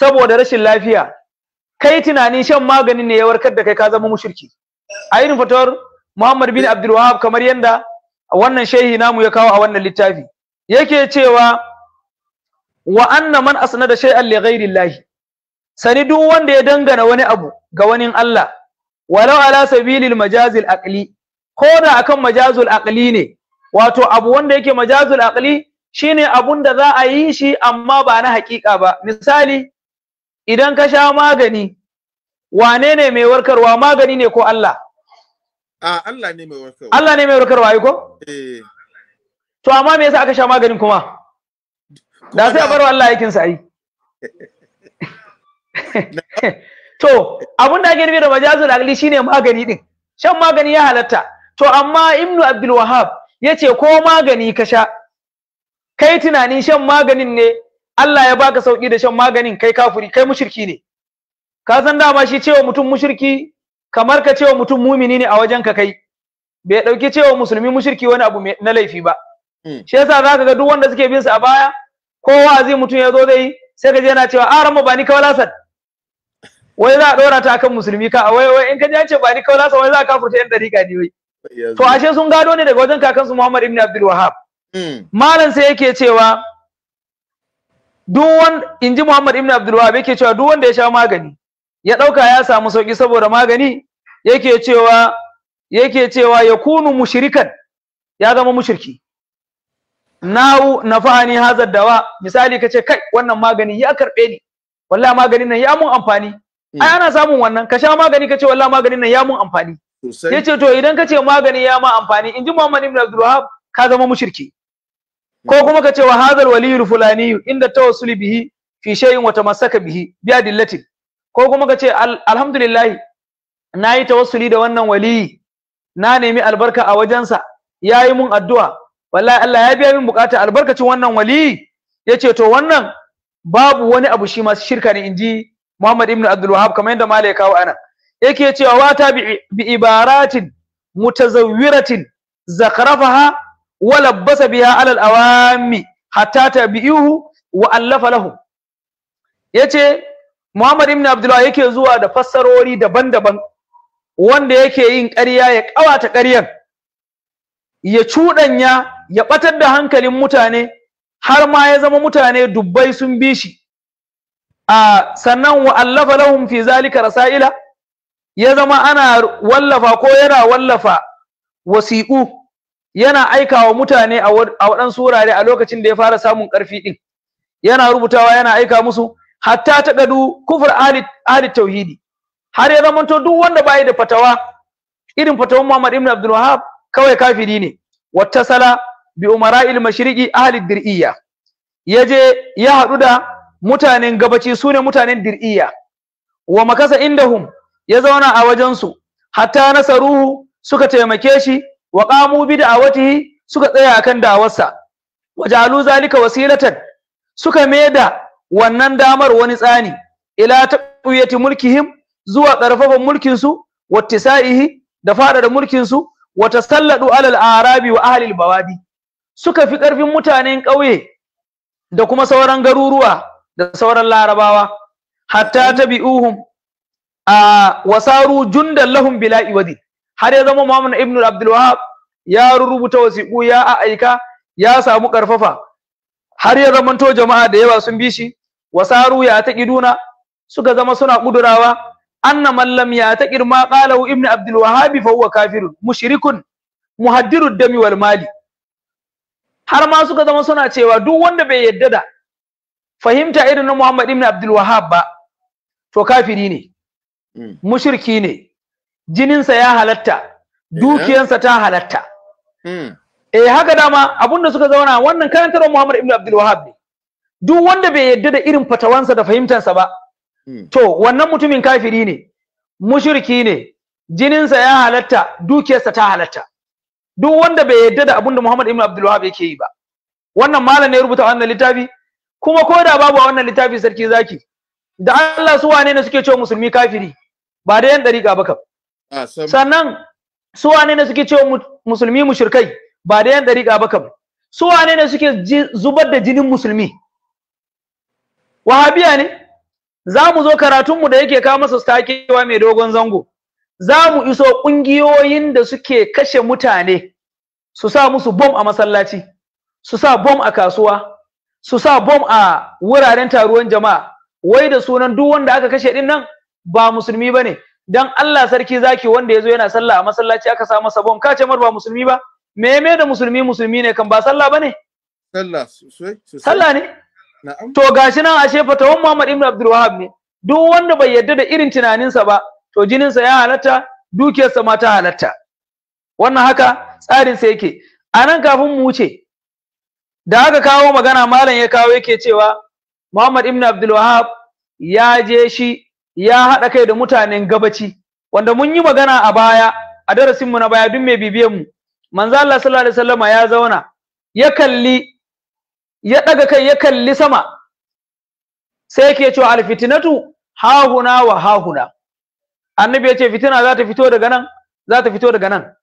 saboda rashin lafiya kai tunani shan magani ne ya warkar da kai ka zama mushirki. a irin fatawar Muhammad bin Abdul Wahab kamar yadda wannan shehi namu ya kawo a wannan littafi yake cewa wa anna man asnada shay'an li ghairi sani duk wanda ya dangana wani abu ga wani Allah walau ala sabilil majazil aqli ko da akan majazul aqli ne wato abu wanda yake majazul aqli shine abun da za a yi shi amma ba na hakika ba misali idan ka sha magani wane ne mai warkarwa magani ne ko Allah a Allah ne mai warkarwa Allah ne mai warkarwa ai ko eh. to amma me yasa aka sha maganin kuma da sai a bar Allah aikin sa ai to abun da ake nufi da majazul aqli shine magani din shan magani ya halatta to amma ibnu abdul wahab ce ko magani ka sha kai tunani shan maganin ne Allah ya baka sauki da shan maganin kai kafuri, kai mushriki ne ka san dama shi cewa mutum mushriki kamar ka cewa mutum mumini ne a wajen ka kai bai ɗauki cewa musulmi mushriki wani abu na laifi ba hmm. shi yasa zaka ga duk wanda suke bin su a baya Ko zai mutum ya zo zai sai ka je yana cewa a ah, ramba ba ni wai za a ɗora ta akan musulmi ka wai wai in ka ji an ce ba ni kaula wai za a kafurta yan ɗariƙa ne wai to ashe sun gado ne daga wajen kakansu Muhammad ibn Abdul wahab hmm. malam sai yake cewa duk wanda ji Muhammad ibn Abdul wahab yake cewa duk wanda ya sha magani ya ɗauka ya samu sauƙi, saboda magani yake cewa yake cewa ya kunu mushrikan ya zama mushriki nawu nafani hazar dawa misali ka ce kai wannan magani ya karɓe ni wallahi maganin nan ya mun amfani ai ana samun wannan ka sha magani ka ce wallahi maganin nan ya mun amfani ya ce to idan ka ce magani ya ma amfani in ji Muhammad ibn Abdul Wahab ka zama mushirki. ko hmm. kuma ka ce wa hadal waliyul fulani inda tawassuli bihi fi shay'in wa tamassaka bihi bi adillatin ko kuma ka ce alhamdulillah nayi tawassuli da wannan waliyi na nemi albarka a wajensa Ya yi mun addu'a wallahi Allah ya biya min bukata albarkacin wannan waliyi yace to wannan babu wani abu shi ma shirka ne inji Muhammad ibn Abdul Wahhab kamar yadda Malik kawo anan yake cewa wata bi ibaratin mutazawwiratin zakharafaha wa labbasa biha alal awami hatta tabi'uhu wa allafa lahu yace Muhammad ibn Abdullah yake zuwa da fassarori daban-daban wanda yake yin ƙarya ya ƙawata ƙaryar ya cuɗanya ya ɓatar da hankalin mutane har ma ya zama mutane dubbai sun bi shi a sannan allafa lahum fi zalika rasaila ya zama ana wallafa ko yana wallafa wasiƙu yana aika wa mutane a waɗansu wurare a lokacin da ya fara samun ƙarfi ɗin yana rubutawa yana aika musu hatta ta gadu kufur ahli tauhidi har ya zamanto duk wanda bai da fatawa irin fatawan Muhammad ibn Abdul Wahhab kawai kafiri ne wattasala bi umara'il mashriqi ahli dir'iyya yaje ya haɗu da mutanen gabaci sune mutanen dir'iya wa makasa indahum ya zauna a wajensu hatta nasaruhu suka taimake shi wa qamu bi da'awatihi suka tsaya akan da'awarsa wajalu zalika wasilatan suka meda wannan damar wani tsani ila taqwiyati mulkihim zuwa ƙarfafa mulkin su wattisaihi da fada da mulkin su wa tasalladu alal arabi wa ahli bawadi suka fi ƙarfin mutanen ƙauye da kuma sauran garuruwa da sauran larabawa hatta tabi'uhum a wasaru jundan lahum bila iwadi har ya zama Muhammad ibn Abdulwahab ya rubuta wasiƙu ya aika ya samu ƙarfafa, har ya zamanto jama'a da yawa sun bi shi wasaru ya taqiduna suka zama suna kudurawa anna man lam yataqir ma qalahu ibn Abdulwahab fa huwa kafirun mushrikun muhaddirud dami wal mali har ma suka zama suna cewa duk wanda bai yadda da fahimta irin na Muhammad ibn Abdul Wahhab ba to kafiri ne hmm. mushriki ne jininsa ya halatta eh. dukiyansa ta halatta hmm. eh haka dama abinda suka zauna wannan karantar Muhammad ibn Abdul Wahhab ne duk wanda bai yadda da irin fatawansa da fahimtansa ba hmm. to wannan mutumin kafiri ne mushriki ne jininsa ya halatta dukiyarsa ta halatta duk wanda bai yadda da abinda Muhammad ibn Abdul Wahhab yake yi ba wannan malam ne ya rubuta wannan littafi kuma ko da babu a wannan littafi sarki zaki da Allah su wane ne suke cewa musulmi kafiri ba da yan dariƙa ba kam sannan su wane ne suke cewa musulmi mushrikai ba da yan dariƙa ba kam su wane ne suke zubar da jinin musulmi wahabiya ne za mu zo karatunmu da yake kawo masa stakewa mai dogon zango za mu iso ƙungiyoyin da suke kashe mutane su sa musu bom a masallaci su sa bom a kasuwa su sa bom a wuraren taruwan jama'a wai da sunan duk wanda aka kashe din nan ba musulmi bane dan Allah sarki zaki wanda ya zo yana sallah a masallaci aka sa masa bom ka ce mar ba musulmi ba me me da musulmi musulmi ne kan ba sallah bane sallah sallah ne to gashi nan ashe fatawan Muhammad ibn Abdul Wahhab ne duk wanda bai yarda da irin tunaninsa ba to jininsa ya halatta dukiyarsa ma ta halatta wannan haka tsarin sa yake anan kafin mu wuce da aka kawo magana malam ya kawo yake cewa Muhammad ibn Abdul Wahhab ya je shi ya haɗa kai da mutanen gabaci wanda mun yi magana a baya a darasin mu na baya duk mai bibiye mu manzo Allah sallallahu alaihi wasallama ya zauna ya kalli ya ɗaga kai ya kalli sama sai yake cewa alfitinatu hahuna wa hahuna annabi ya ce fitina za ta fito daga nan za ta fito daga nan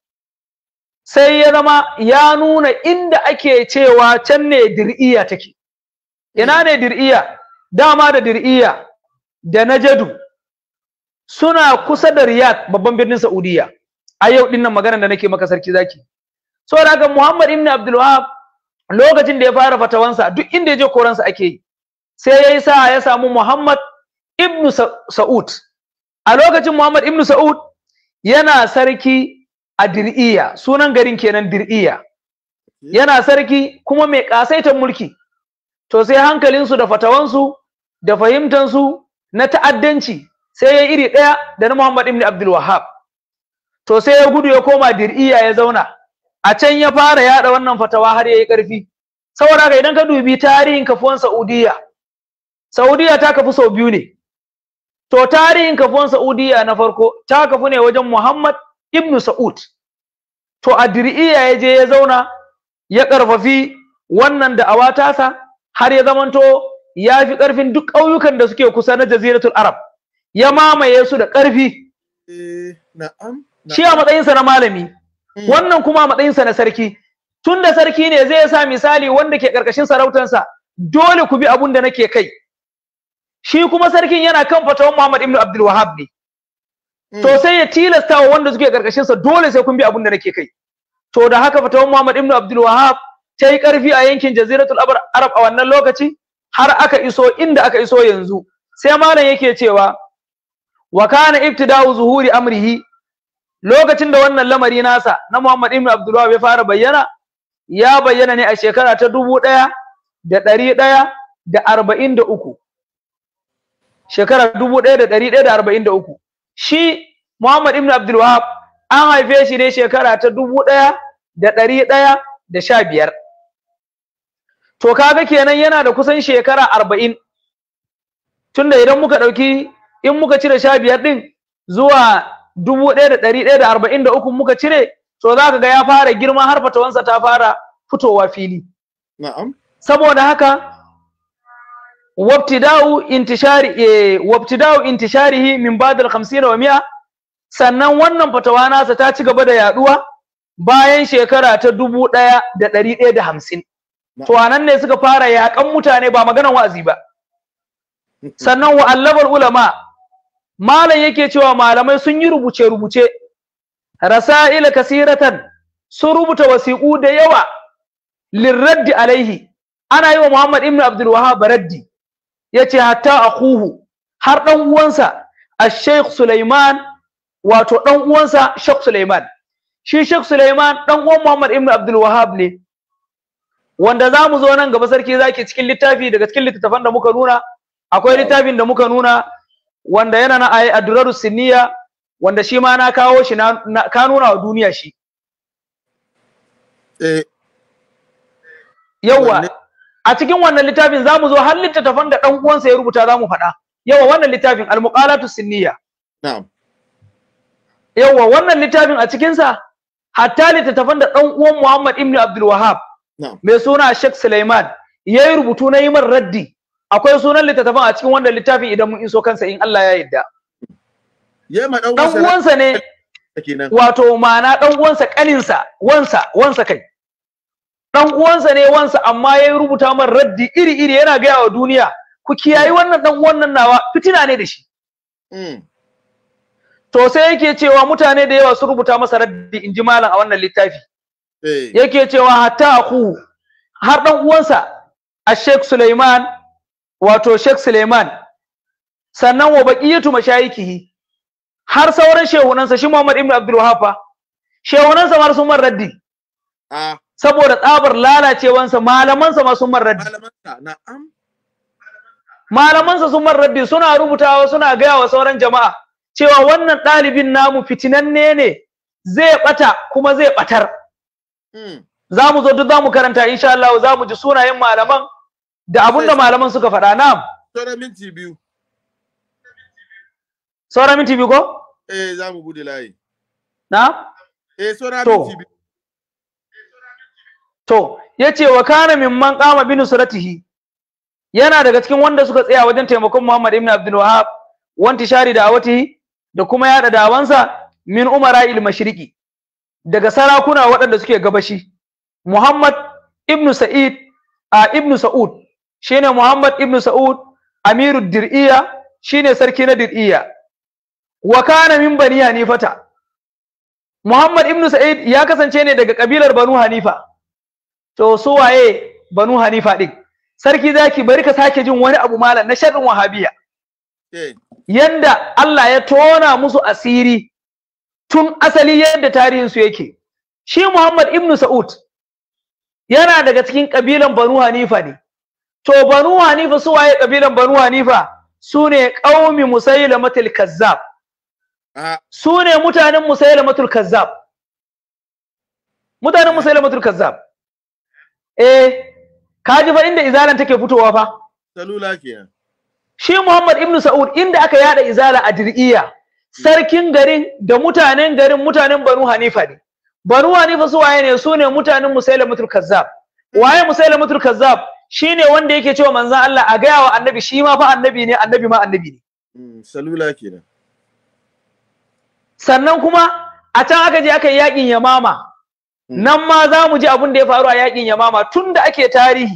sai ya zama ya nuna inda ake cewa can ne dir'iya take ina ne dir'iya dama da dir'iya da najadu suna kusa da riyad babban birnin saudiya a yau dinnan maganar da nake maka sarki zaki so daga muhammad ibn abdul lokacin da ya fara fatawansa duk inda ya je koransa ake yi sai ya yi sa ya samu muhammad ibn sa'ud a lokacin muhammad ibn sa'ud yana sarki a dir'iya sunan garin kenan dir'iya yana sarki kuma mai kasaitan mulki to sai hankalinsu da fatawansu da fahimtansu na ta'addanci sai ya iri ɗaya da na Muhammad ibn Abdul Wahhab to sai ya gudu ya koma dir'iya ya zauna a can ya fara yada wannan fatawa har ya yi ƙarfi saboda haka idan ka dubi tarihin kafuwan Saudiya Saudiya ta kafu sau biyu ne to tarihin kafuwan Saudiya na farko ta kafu ne wajen Muhammad ibnu Sa'ud to a dir'iya ya je ya zauna ya karfafi wannan da sa har ya zamanto ya fi karfin duk ƙauyukan da suke kusa na jaziratul arab ya mamaye su da ƙarfi eh, shi a matsayinsa na malami hmm. wannan kuma a matsayinsa na sarki tun da sarki ne zai sa misali wanda ke ƙarƙashin sarautansa dole ku bi abun da nake kai shi kuma sarkin yana kan fatawan Muhammad ibn Abdul Wahhab ne Mm. to sai ya tilasta wa wanda suke karkashin sa dole sai kun bi abin da nake kai to da haka fatawan Muhammad ibn Abdul Wahhab ta yi karfi a yankin Jaziratul Arab a wannan lokaci har aka iso inda aka iso yanzu sai malam yake cewa wa kana ibtida'u zuhuri amrihi lokacin da wannan lamari nasa na Muhammad ibn Abdul Wahhab ya fara bayyana ya bayyana ne a shekara ta dubu ɗaya da ɗari ɗaya da arba'in da uku shekara dubu ɗaya da ɗari ɗaya da arba'in da uku shi Muhammad ibn Abdul Wahab an haife shi ne shekara ta dubu ɗaya da ɗari ɗaya da sha biyar. To kaga kenan yana da kusan shekara arba'in. Tunda idan muka ɗauki in muka cire sha biyar ɗin zuwa dubu ɗaya da ɗari ɗaya da arba'in da uku muka cire to za ka ga ya fara girma har fatawansa ta fara fitowa fili. Na'am. Saboda haka wabtida'u intishari eh, wabtida'u intisharihi min ba'd 50 wa 100 sannan wannan fatawa nasa ta ci gaba da yaduwa bayan shekara ta 1150 to anan ne suka fara yakan mutane ba maganan wa'azi ba sannan wa'allabal ulama malam yake cewa malamai sun yi rubuce rubuce ila kasiratan sun rubuta wasiƙu da yawa lirraddi alaihi ana yi wa Muhammad ibn Abdul Wahhab raddi yace hatta akuhu har dan uwansa ash-shaykh Sulaiman wato dan uwansa Sheikh Sulaiman shi Sheikh Sulaiman dan uwan Muhammad ibn Abdul Wahhab ne wanda zamu zo nan gaba sarki zaki cikin littafi daga cikin littafin da muka nuna akwai littafin da muka nuna wanda yana na ayi durar siniya wanda shi ma na kawo shi na ka nuna wa duniya shi eh yawa a cikin wannan littafin za mu zo har littattafan da ɗan'uwansa ya rubuta za mu faɗa yawa wannan littafin almuqalatu sinniya na'am yawa wannan littafin a cikinsa hatta littattafan da ɗan'uwan uwan Muhammad ibn Abdul Wahhab mai suna Sheikh Sulaiman yayi rubutu na yi man raddi akwai sunan littattafan a cikin wannan littafin idan mun iso kansa in Allah ya yarda dan uwansa ne wato ma'ana dan ƙaninsa, wansa wansa kai dan uwansa ne wansa amma ya rubuta man raddi iri iri yana gaya wa duniya ku kiyayi wannan dan uwan nawa fitina ne da shi hmm. to sai yake cewa mutane da yawa sun rubuta masa raddi inji malam a wannan littafi eh. yake cewa hatta ku har dan uwansa a Sheikh Suleiman wato Sheikh Suleiman sannan wa baqiyatu mashayikihi har sauran shehunansa shi Muhammad ibn Abdul Wahhab shehunansa har sun man raddi ah. saboda tsabar lalacewansa malamansa ma sun marraddi malamansa sun marraddi suna rubutawa suna gaya wa sauran jama'a cewa wannan ɗalibin namu fitinanne ne zai bata kuma zai batar hmm. za mu zo duk za mu karanta insha Allah za mu ji sunayen malaman da abunda da malaman suka faɗa na? sauran minti biyu sauran minti biyu ko eh za mu bude layi na eh sauran minti biyu to yace wa kana mimman qama bi nusratihi yana daga cikin wanda suka tsaya wajen taimakon Muhammad ibn Abdul Wahhab wanti shari da'awatihi da kuma yada dawansa min umara il mashriqi daga sarakuna waɗanda suke gabashi Muhammad ibn Sa'id a ibn Sa'ud shine Muhammad ibn Sa'ud amiru dir'iya shine sarki na dir'iya wa kana min bani hanifata Muhammad ibn Sa'id ya kasance ne daga kabilar Banu Hanifa to su waye banu hanifa din sarki zaki bari ka sake jin wani abu malam na sharrin wahabiya yanda Allah ya tona musu asiri tun asali yadda tarihin su yake shi Muhammad ibnu Sa'ud yana daga cikin kabilan banu hanifa ne to banu hanifa su waye kabilan banu hanifa su ne qaumi musailamatul kazzab su ne mutanen musailamatul kazzab mutanen musailamatul kazzab eh ka ji fa inda izalan take fitowa fa salula kenan shi Muhammad ibn Sa'ud inda aka yada izala a dir'iya sarkin garin da mutanen garin mutanen Banu Hanifa ne Banu Hanifa su waye ne su ne mutanen Musailamatul Kazzab waye Musailamatul Kazzab shine wanda yake cewa manzon Allah a gaya wa annabi shi ma fa annabi ne annabi ma annabi ne mm, salula kenan sannan kuma a can aka je aka yi yakin yamama Hmm. nan ma za mu ji abin da ya faru a yakin yamama tun da ake tarihi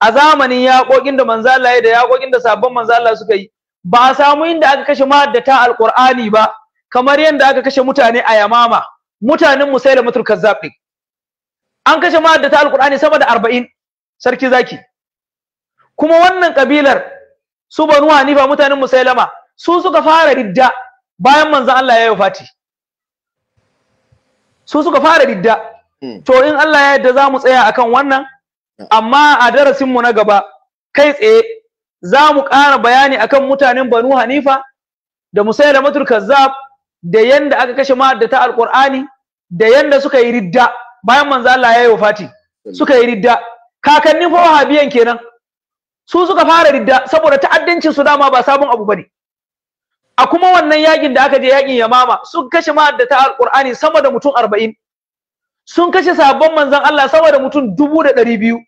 a zamanin yaƙoƙin da manzo Allah ya da yaƙoƙin da sabon manzo Allah suka yi ba a samu inda aka kashe ta alqur'ani ba kamar yadda aka kashe mutane a yamama mutanen musaila mutul kazzabi an kashe ta alqur'ani sama da 40 sarki zaki kuma wannan kabilar su banu hanifa mutanen musailama su suka fara ridda bayan manzo Allah ya yi fati su suka fara ridda Hmm. to in Allah ya yadda za mu tsaya akan wannan amma a darasin mu na gaba kai tsaye za mu ƙara bayani akan mutanen banu hanifa da musayar da kazzab da yanda aka kashe ta alqur'ani da yanda suka yi ridda bayan manzo Allah ya yi wafati hmm. suka yi ridda kakannin fa wahabiyan kenan su suka fara ridda saboda ta'addancin su dama ba sabon abu bane a kuma wannan yakin da aka je yakin yamama suka kashe ta alqur'ani sama da mutum arba'in sun kashe sabon manzon Allah sama da mutum dubu da ɗari biyu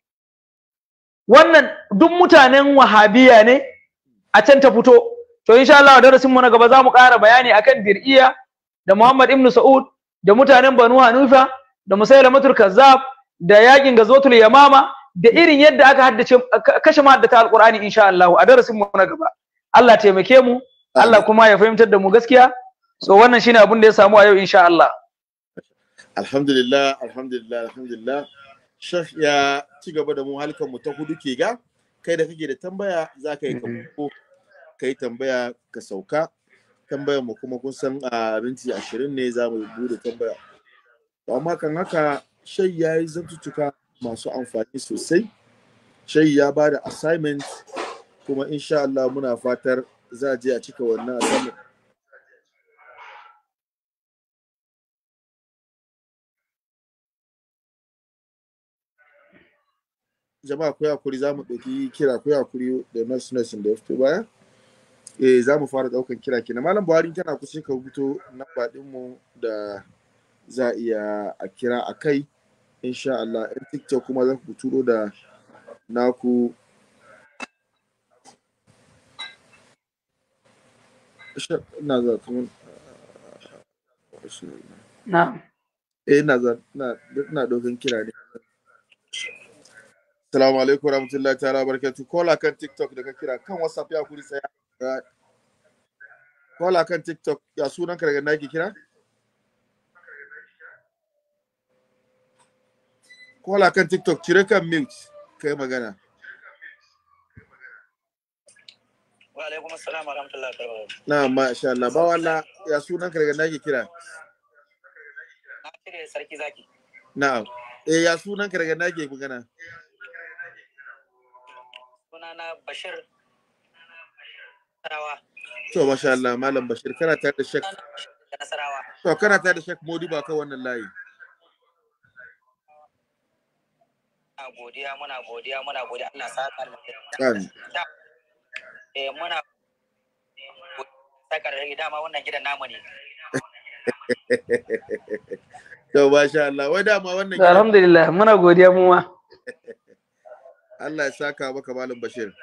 wannan duk mutanen wahabiya ne a can ta fito to insha Allah darasin mu na gaba za mu ƙara bayani akan dir'iya da Muhammad ibn Sa'ud da mutanen Banu Hanifa da Musailamatul Kazzab da yakin Gazwatul Yamama da irin yadda aka haddace kashe ta alqur'ani insha Allah a darasin mu na gaba Allah taimake mu Allah kuma ya fahimtar da mu gaskiya so wannan shine abin da ya samu a yau insha Allah alhamdulillah alhamdulillah alhamdulillah ya ci gaba da mu halkan mu ta hudu ke ga kai da kake da tambaya za ka yi mm-hmm. ka yi tambaya ka sauka tambayar mu kuma kun san a minti ashirin ne za mu bude tambaya amma kan haka shai ya yi zantuttuka masu amfani sosai shai ya bada da assignment kuma insha Allah muna fatar za a je a cika wannan assignment jama'a ku hakuri za mu ɗauki kira ku hakuri da nurse nurse da ya fito baya eh za mu fara ɗaukan kira kenan malam buhari tana kusa ka na baɗin mu da za a iya a kira a kai insha Allah in tiktok kuma za ku turo da naku ina za eh ina za ina ɗaukan kira ne Salamu alaikum rahmatullahi ta'ala barakatuh. Kola kan TikTok da ka kira kan WhatsApp ya kuri tsaya. Kola kan TikTok ya sunan ka daga ki kira? Kola kan TikTok cire kan mute kai magana. Wa alaikum assalam wa rahmatullahi ta'ala. Na masha Allah ba wala ya sunan ka daga ki kira? Na cire sarki zaki. Na'am. Eh ya sunan ka daga ki magana. sunana Bashir Nasarawa. To masha Allah Malam Bashir kana ta da Sheikh Nasarawa. To kana ta da modi ba kan wannan layi. Muna godiya muna godiya muna godiya Allah saka Amin. Eh muna saka da dama wannan gidan namu ne. To masha Allah wai dama wannan gidan. Alhamdulillah muna godiya mu ma. Allah ya saka maka malam Bashir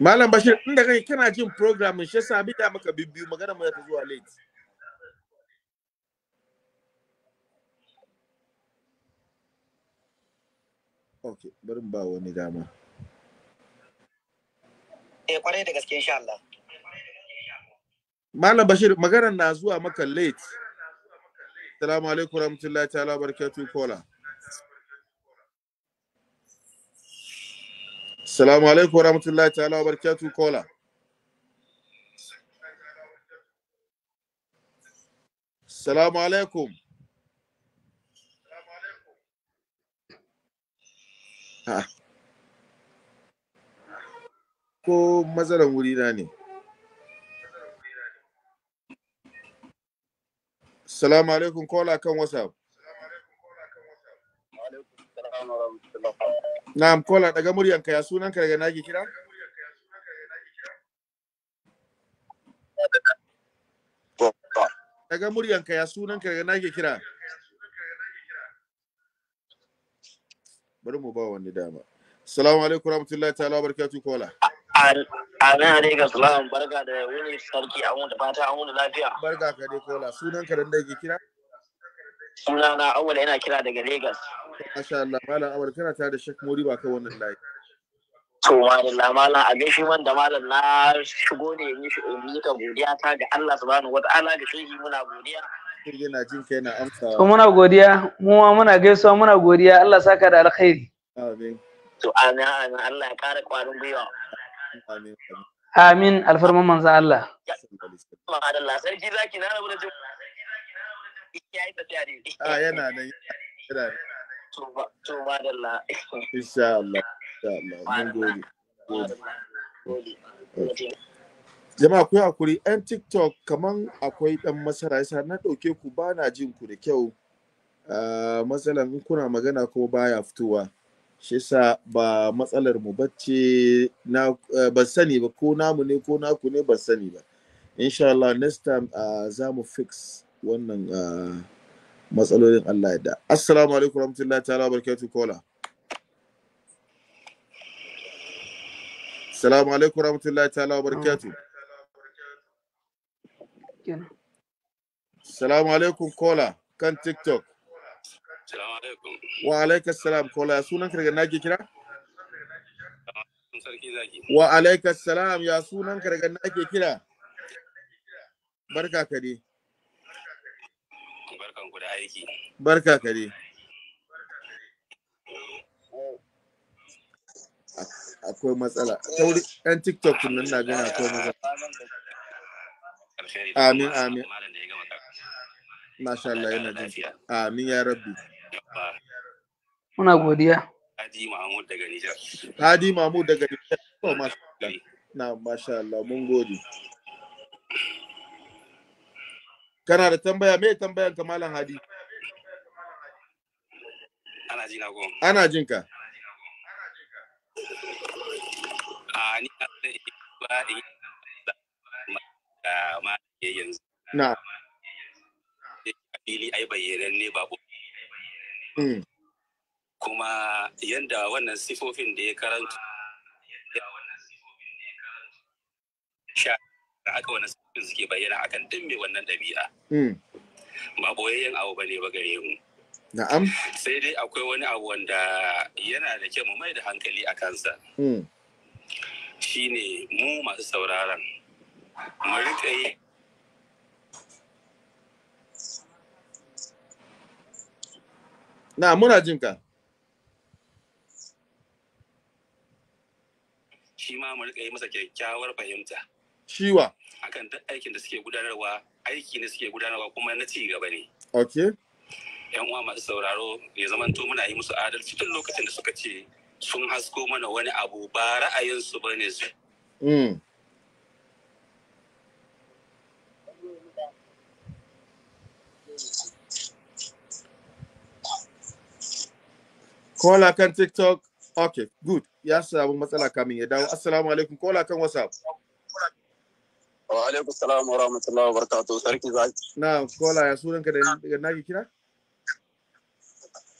Malam Bashir inda kai kana jin program shi yasa da maka bibbiyu magana mu ta zuwa late Okay, bari ba wani dama. Eh kwarai da gaske insha Allah. Malam Bashir magana na zuwa maka late. Assalamu alaikum warahmatullahi ta'ala barakatuh kola. Assalamu alaikum warahmatullahi ta'ala barakatuh kola. Assalamu alaikum. Ah. Ko wuri na ne. Salamu alaikum kola kan WhatsApp. Na'am kola daga muryanka ya sunanka daga naki kira? Daga muryanka ya sunanka daga naki kira? Bari mu ba wani dama. Salamu alaikum rahmatullahi ta'ala barakatuh kola. Amin alaikum salam barka da wuni sarki an wani fata an wani lafiya. Barka ka dai kola sunan ka dan da kira? Suna na Awal yana kira daga Lagos. Masha Allah malam Awal kana tare da Sheikh Mori ba kai wannan layi. To malam malam abin shi wanda malam na shigo ne in yi ka godiya ta ga Allah subhanahu wata'ala ga shehi muna godiya. na jin kai na amsa. To muna godiya mu muna gaisuwa muna godiya Allah saka da alkhairi. Amin. To amin amin Allah ya kara kwarin gwiwa. amin alfarman manzo Allah sarki a yana jama'a ku hakuri yan tiktok kaman akwai ɗan masara yasa na ɗauke ku ba na jin ku da kyau ah, matsalan in kuna magana ko baya fitowa shi sa ba matsalar mu bacce na eh, ban sani ba ko namu ne ko naku ne ban sani ba insha Allah next time ah, za mu fix wannan ah, matsalolin Allah ya da assalamu alaikum rahmatullahi ta'ala barakatuh kola assalamu alaikum rahmatullahi ta'ala barakatuh assalamu alaikum kola kan tiktok Assalamu alaikum. Wa alaikas salam kola sunan ka daga nake kira? Wa alaikas salam ya sunan ka daga nake kira? Barka ka Barkan ku da aiki. Barka ka Akwai matsala. Tauri ɗan TikTok nan na gani akwai matsala. Amin amin. Masha Allah yana jin. Amin ya rabbi. Muna ah. godiya. Hadi Mahmud daga Nijar. Hadi Mahmud daga Nijar. Oh, na masha Allah mun gode. Kana da tambaya me tambayan ka Malam Hadi? Ana jin ko. Ana jin ka. A ni na eh, da ba da Na. Fili ai bayyanan ne babu Hmm. kuma yadda wannan sifofin da ya karanta da aka wani sifofin suke bayyana akan duk mai wannan ɗabi'a hmm. ba boyayyen abu ba ne ba gare mu sai dai akwai wani abu wanda yana da kyau mu mai da hankali a kansa hmm. shine mu masu sauraron mu riƙa yi na muna jin ka shi ma mu rika yi masa kyakkyawar fahimta shiwa akan duk aikin da suke gudanarwa aiki ne suke gudanarwa kuma na ci gaba ne okay yan uwa masu sauraro ya zamanto muna yi musu adalci tun lokacin da suka ce sun hasko mana wani abu ba ra'ayinsu ba ne su mm. Kola kan TikTok. Okay, good. Ya samu matsala kamin ya dawo. Assalamu alaikum. Kola kan WhatsApp. Wa alaikum salam wa rahmatullahi wa barakatuh. Sarki zaki. Na, kola ya sunan ka daga naki kira?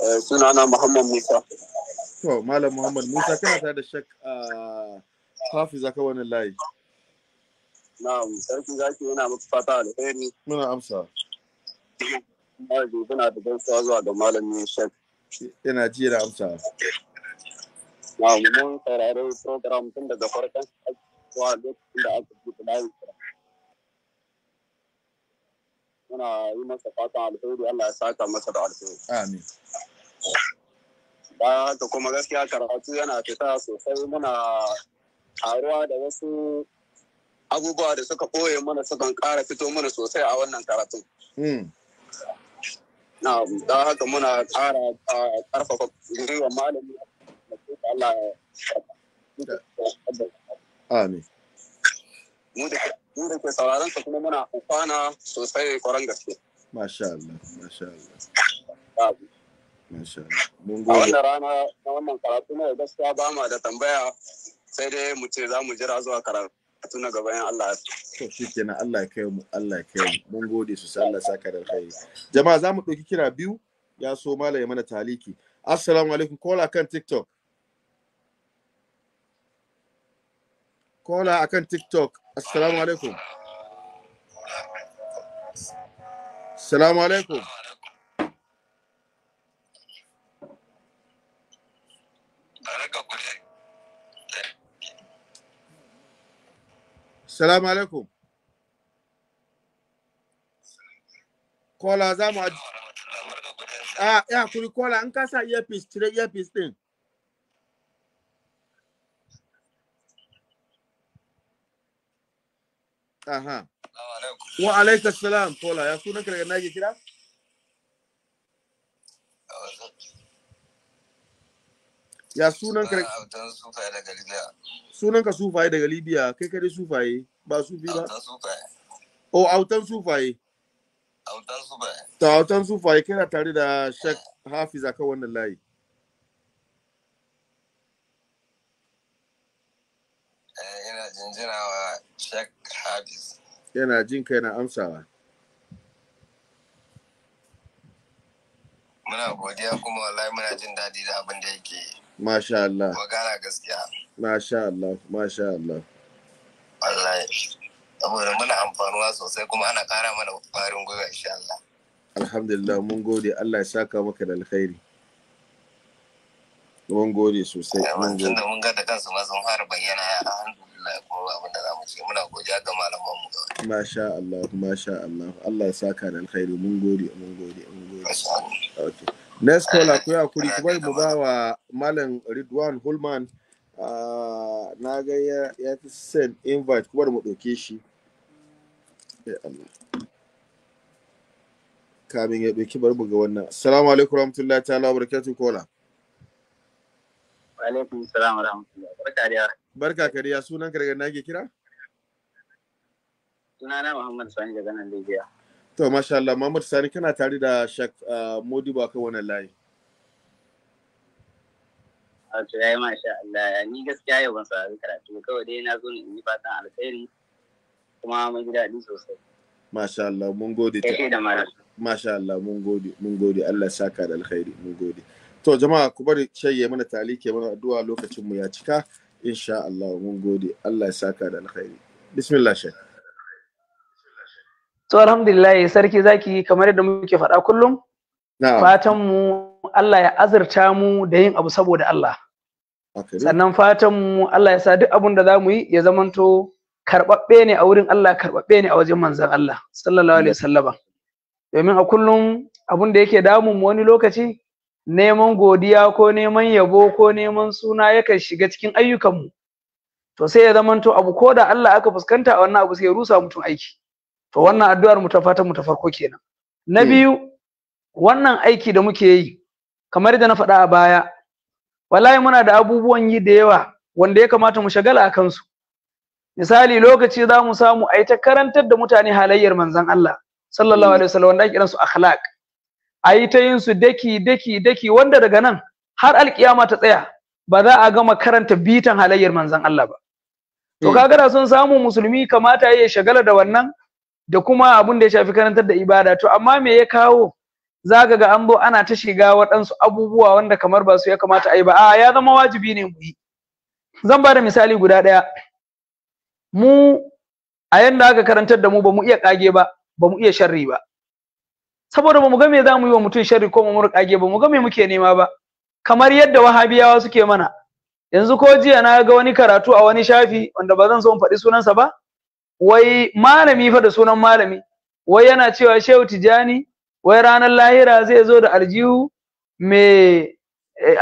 Eh, Suna na Muhammad Musa. To, Malam Muhammad Musa kana tare da shak ah, Hafiza ka wannan layi. Na'am, sarki zaki yana maka fata alheri. Muna amsa. Muna da gaisuwa zuwa ga malamin Sheikh yana ji da amsa na mun saurari program tun daga farkon zuwa lokacin da aka ji bulayin muna yi masa fatan alheri Allah ya saka masa da alheri amin ba da kuma gaskiya karatu yana fita sosai muna taruwa da wasu abubuwa da suka ɓoye mana sukan ƙara fito mana sosai a wannan karatun. Hmm. na da haka muna ƙara ƙarfafa gwiwa malami Allah ya amin mu da da ke sauraron ta kuma muna amfana sosai kwaran gaske masha Allah masha Allah masha Allah a wannan rana na wannan karatu na gaskiya ba ma da tambaya sai dai mu ce za mu jira zuwa karatu karatu na gaba yan Allah to shikenan Allah ya kai mu Allah ya kai mu mun gode su Allah saka da alkhairi jama'a zamu ɗauki kira biyu ya so mala ya mana taliki assalamu alaikum kola kan tiktok kola akan tiktok assalamu alaikum assalamu alaikum Salamu alaikum. Kola za mu aji. Ah, ya kuri kola in ka sa earpiece, cire fis din. Aha. Wa alaika salam kola, ya sunan ka daga nage kira? Ya sunan kare. sunanka sufaye daga libya kai kare sufaye ba sufi ba o autan sufaye autan sufaye ta autan sufaye kai na tare da shek eh. hafiz akan wannan layi yana eh, jinjinawa shek hafiz yana jin kai na amsawa muna godiya kuma wallahi muna jin daɗi da abin da yake yi Masha Allah. Magana gaskiya. Masha Allah, masha Allah. Wallahi, saboda muna amfanuwa sosai kuma ana ƙara mana ƙwarin gwiwa insha Allah. Alhamdulillah mun gode Allah ya saka maka da alkhairi. Mun gode sosai. Mun gode. Tunda mun ga da kansu ma sun fara bayyana ya alhamdulillah ko abin da zamu ce muna godiya ga malaman mu. Masha Allah, masha Allah. Allah ya saka da alkhairi. Mun gode, mun gode, mun gode. Okay. next eh, caller ku kuri eh, kuma mu ba wa malam Ridwan Hulman ah, na ga ya fi send invite kuma mu ɗauke shi kamin ya ɗauki bari mu ga wannan assalamu alaikum warahmatullahi ta'ala wa kola alaikum salam wa barka barka kariya sunan ka daga nage kira sunana Muhammad Sani daga nan Libya To, masha Allah, Muhammad Sani kana tare da uh, Modi ba akan wannan layi. Wato ah, ya yi masha Allah, ya ni gaskiya yau ban saurari karatu, kawai dai na zo in yi fatan alkhairi kuma mun ji daɗi sosai. Masha Allah, mun gode. Kai da mara. Masha Allah, mun gode, mun gode, Allah saka da alkhairi, mun gode. To, jama'a, ku bari shayye mana talike mana addu'a lokacin mu ya cika. Insha Allah, mun gode, Allah ya saka da alkhairi. Bismillah, Shek. so alhamdulillah sarki zaki kamar yadda muke faɗa kullum fatan mu Allah ya azurta mu da yin abu saboda Allah sannan fatan mu Allah ya sa duk abun da za mu yi ya zamanto karɓaɓɓe ne a wurin Allah karɓaɓɓe ne a wajen manzon Allah sallallahu alaihi wasallama domin a kullum abun da yake damun wani lokaci neman godiya ko neman yabo ko neman suna yakan shiga cikin ayyukanmu to sai ya zamanto abu ko da Allah aka fuskanta a wannan abu sai ya rusa mutum aiki to wannan addu'ar mu ta fatan mu ta farko kenan na hmm. biyu wannan aiki da muke yi kamar da na faɗa a baya wallahi muna da abubuwan yi da yawa wanda ya kamata mu shagala a kansu misali lokaci za mu samu a yi ta karantar da mutane halayyar manzan Allah sallallahu hmm. alaihi wasallam wanda ake su akhlaq a yi ta yin su daki daki daki wanda daga nan har alkiyama ta tsaya ba za a gama karanta bitan halayyar manzan Allah ba to hmm. kaga da sun samu musulmi kamata ya shagala da wannan da kuma abun da ya shafi karantar da ibada to amma me ya kawo zaka ga an zo ana ta shiga waɗansu abubuwa wanda kamar ba su ya kamata a yi ba a ya zama wajibi ne mu yi zan ba da misali guda ɗaya mu a yanda aka karantar da mu ba mu iya kage ba ba mu iya sharri ba saboda ba mu ga me za mu yi wa mutum sharri ko mu ƙage ba mu ga me muke nema ba kamar yadda wahabiyawa suke mana yanzu ko jiya na ga wani karatu a wani shafi wanda ba zan so in faɗi sunansa ba wai malami fa da sunan malami wai yana cewa shehu tijani wai ranar lahira zai zo da aljihu mai eh,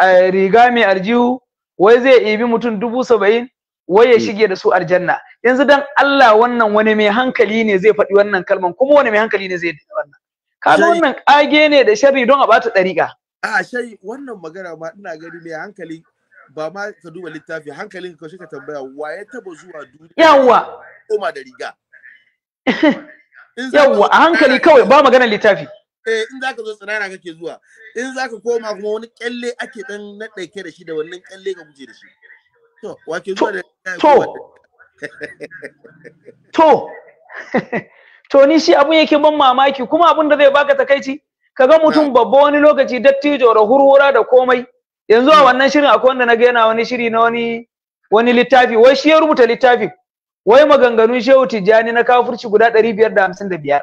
eh, riga mai aljihu wai zai ibi mutum dubu saba'in wai ya eh. shige da su aljanna yanzu dan Allah wannan wani mai hankali ne zai faɗi wannan kalman kuma wani mai hankali ne zai yi wannan kaga wannan kage ne da sharri don a bata dariƙa a shai wannan magana ma ina gani mai hankali ba ma ka duba littafi hankalin ka ka tambaya wa ya taba zuwa duniya yawa koma da riga yawa a hankali kawai ba magana littafi eh in zaka zo tsanana kake zuwa in zaka koma kuma wani kyalle ake dan nadaike da shi da wannan kyalle ka guje da shi to wa ke zuwa da to to to ni shi abun yake ban mamaki kuma abun da zai baka takaici kaga mutum babba wani lokaci dattijo da hurhura da komai yanzu a hmm. wannan shirin akwai wanda na ga yana wani shiri na wani wani littafi wai shi ya rubuta littafi wai maganganun shehu tijjani na kafurci guda ɗari biyar da hamsin da biyar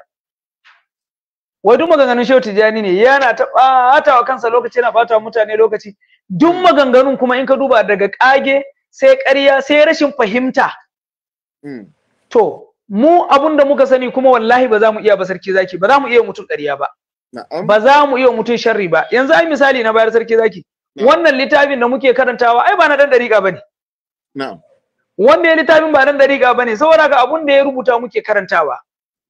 wai duk maganganun shehu tijjani ne yana ta ɓata kansa lokaci yana ɓata mutane lokaci duk maganganun kuma in ka duba daga ƙage sai ƙarya sai rashin fahimta hmm. to mu abun da muka sani kuma wallahi ba za mu iya ba sarki zaki ba za mu iya mutum ƙarya ba ba za mu iya mutum sharri ba yanzu ai misali na bayar sarki zaki wannan littafin da muke karantawa ai ba na dan dariƙa bane na'am wanda ya littafin ba dan dariƙa bane saboda ga abun da ya rubuta muke karantawa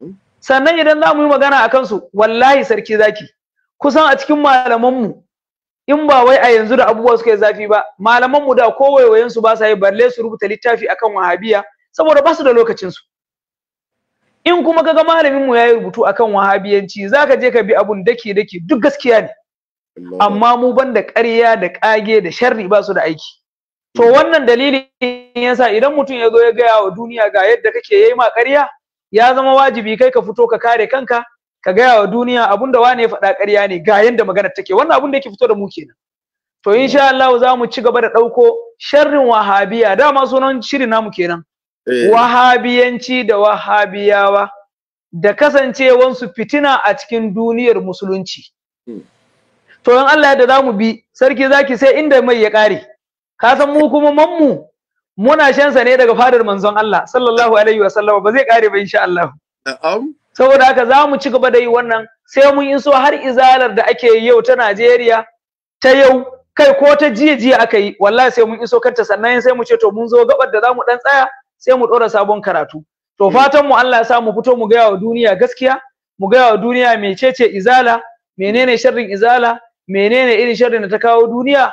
hmm? sannan idan za mu yi magana a kansu wallahi sarki zaki kusan a cikin malamanmu in ba wai a yanzu da abubuwa suka yi zafi ba malamanmu da kowayoyinsu ba sa yi balle su rubuta littafi akan wahabiya saboda ba su da lokacinsu in kuma ka kaga malaminmu ya yi rubutu akan wahabiyanci za ka je ka bi abun daki daki duk gaskiya ne amma mu banda ƙarya da ƙage da sharri ba su da aiki to hmm. wannan dalili yasa idan mutum ya zo ya gaya wa duniya ga yadda kake yayi ma ƙarya ya zama wajibi kai ka fito ka kare kanka ka gaya wa duniya abun da wane ya faɗa ƙarya ne ga yadda magana take wannan abun da yake fito da mu kenan to insha Allah za mu ci gaba da ɗauko sharrin wahabiya dama sunan shiri namu kenan eh. wahabiyanci da wahabiyawa da kasancewansu fitina a cikin duniyar musulunci hmm. to in Allah yadda zamu bi sarki zaki sai inda mai ya kare ka san mu kuma manmu muna shansa ne daga fadar manzon Allah sallallahu alaihi wa sallam ba zai kare ba insha Allah saboda haka zamu ci gaba da yi wannan sai mun yi so har izalar da ake yi yau ta Najeriya ta yau kai ko ta jiya jiya aka yi wallahi sai mun iso kanta sannan sai mu ce to mun zo gabar da zamu dan tsaya sai mu dora sabon karatu to mm. fatan mu Allah ya sa mu fito mu gaya wa duniya gaskiya mu gaya wa duniya mecece izala menene sharrin izala menene irin sharrin da ta kawo duniya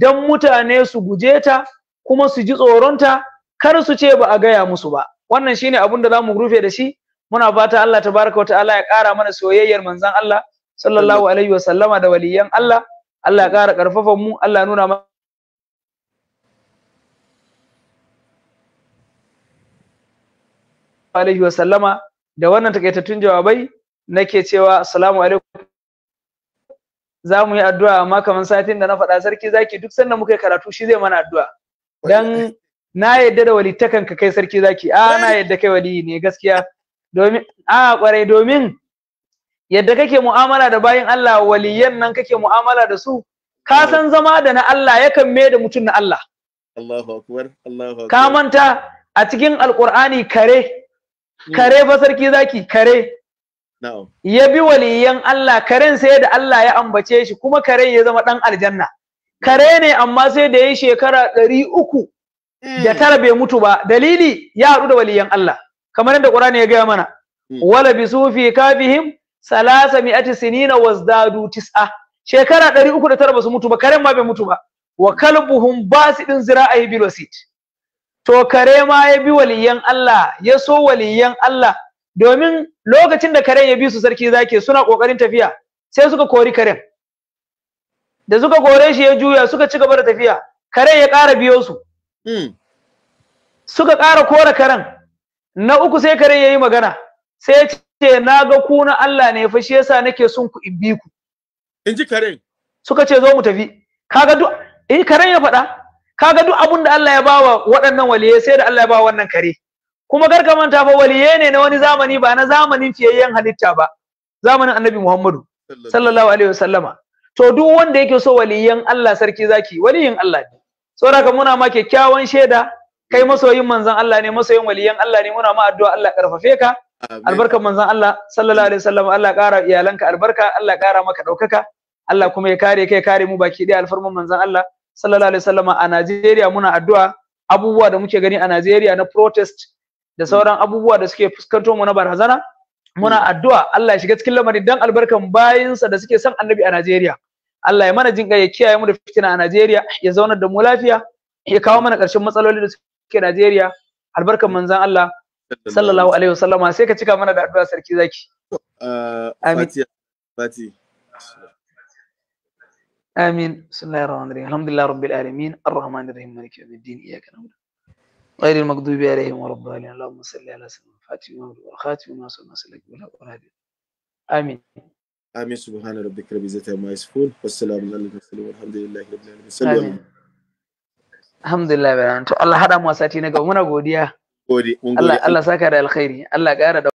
don mutane su guje ta kuma su ji tsoronta kar su ce ba a gaya musu ba wannan shine abin da zamu rufe da shi muna fata Allah tabaraka wataala ya kara mana soyayyar manzon Allah sallallahu alaihi wa sallama da waliyan Allah Allah ya kara karfafan mu Allah nuna mana alaihi wa sallama da wannan takaitattun jawabai nake cewa assalamu alaikum za mu yi addu'a amma kamar satin da na faɗa sarki zaki duk sanda muka yi karatu shi zai mana addu'a dan na yadda da takan ka kai sarki zaki a na yadda kai wali ne gaskiya domin a kwarai domin yadda kake mu'amala da bayin Allah waliyan nan kake mu'amala da su ka san zama da na Allah yakan me da mutum na Allah Allahu akbar Allahu akbar ka manta a cikin alqur'ani kare kare fa sarki zaki kare ya bi waliyan Allah karen sai da Allah ya ambace shi kuma karen ya zama dan aljanna kare ne amma sai da ya shekara ɗari uku hmm. da tara bai mutu ba dalili ya haɗu da waliyan Allah kamar yadda Qur'ani ya gaya mana hmm. wala bi sufi kafihim salasa mi'ati sinina wazdadu tis'a shekara ɗari uku da tara ba su mutu ba karen ma bai mutu ba wa kalbuhum basidin zira'i bil wasit to kare ma ya bi waliyan Allah ya so waliyan Allah domin lokacin da karen ya bi su sarki zaki suna kokarin tafiya sai suka kori karen da suka kore shi ya juya suka ci gaba da tafiya karen ya ƙara biyo su hmm. suka ƙara kora karen na uku sai karen ya yi magana sai ya ce na ga ku na Allah ne fa shi yasa nake son ku in bi ku in ji karen suka ce zo mu tafi kaga duk eh karen ya faɗa kaga duk abun da Allah ya bawa waɗannan waliyai sai da Allah ya bawa wannan kare kuma garka manta fa waliye ne na wani zamani ba na zamanin fiyayyen halitta ba zamanin annabi Muhammadu sallallahu alaihi wasallama to duk wanda yake so waliyan Allah sarki zaki waliyin Allah ne saboda ka muna ma kyakkyawan shaida kai masoyin manzon Allah ne masoyin waliyan Allah ne muna ma addu'a Allah karfafe ka albarkar manzon Allah sallallahu alaihi wasallama Allah kara iyalanka albarka Allah kara maka daukaka Allah kuma ya kare kai kare mu baki ɗaya alfarman manzon Allah sallallahu alaihi wasallama a Najeriya muna addu'a abubuwa da muke gani a Najeriya na protest da mm. sauran abubuwa da suke fuskanto mu na barazana muna mm. addu'a Allah ya shiga cikin lamarin dan albarkan sa da suke son annabi a Najeriya Allah ya mana kai ya kiyaye mu da fitina a Najeriya ya zauna da mu lafiya ya kawo mana ƙarshen matsaloli da suke Najeriya albarkan manzon Allah sallallahu alaihi wasallama sai ka cika mana da addu'a sarki zaki uh, amin fati آمين بسم الله الرحمن الرحيم الحمد لله رب العالمين الرحمن الرحيم مالك يوم الدين إياك نعبد غير المغضوب عليهم ورب العالمين اللهم صل على سيدنا الفاتح والخاتم وما صلى وسلم ولا امين امين سبحان ربك رب العزه عما يصفون والسلام على المرسلين والحمد لله رب العالمين سلام الحمد لله to الله هذا mu sati na gaba muna الله الله saka الخير الله Allah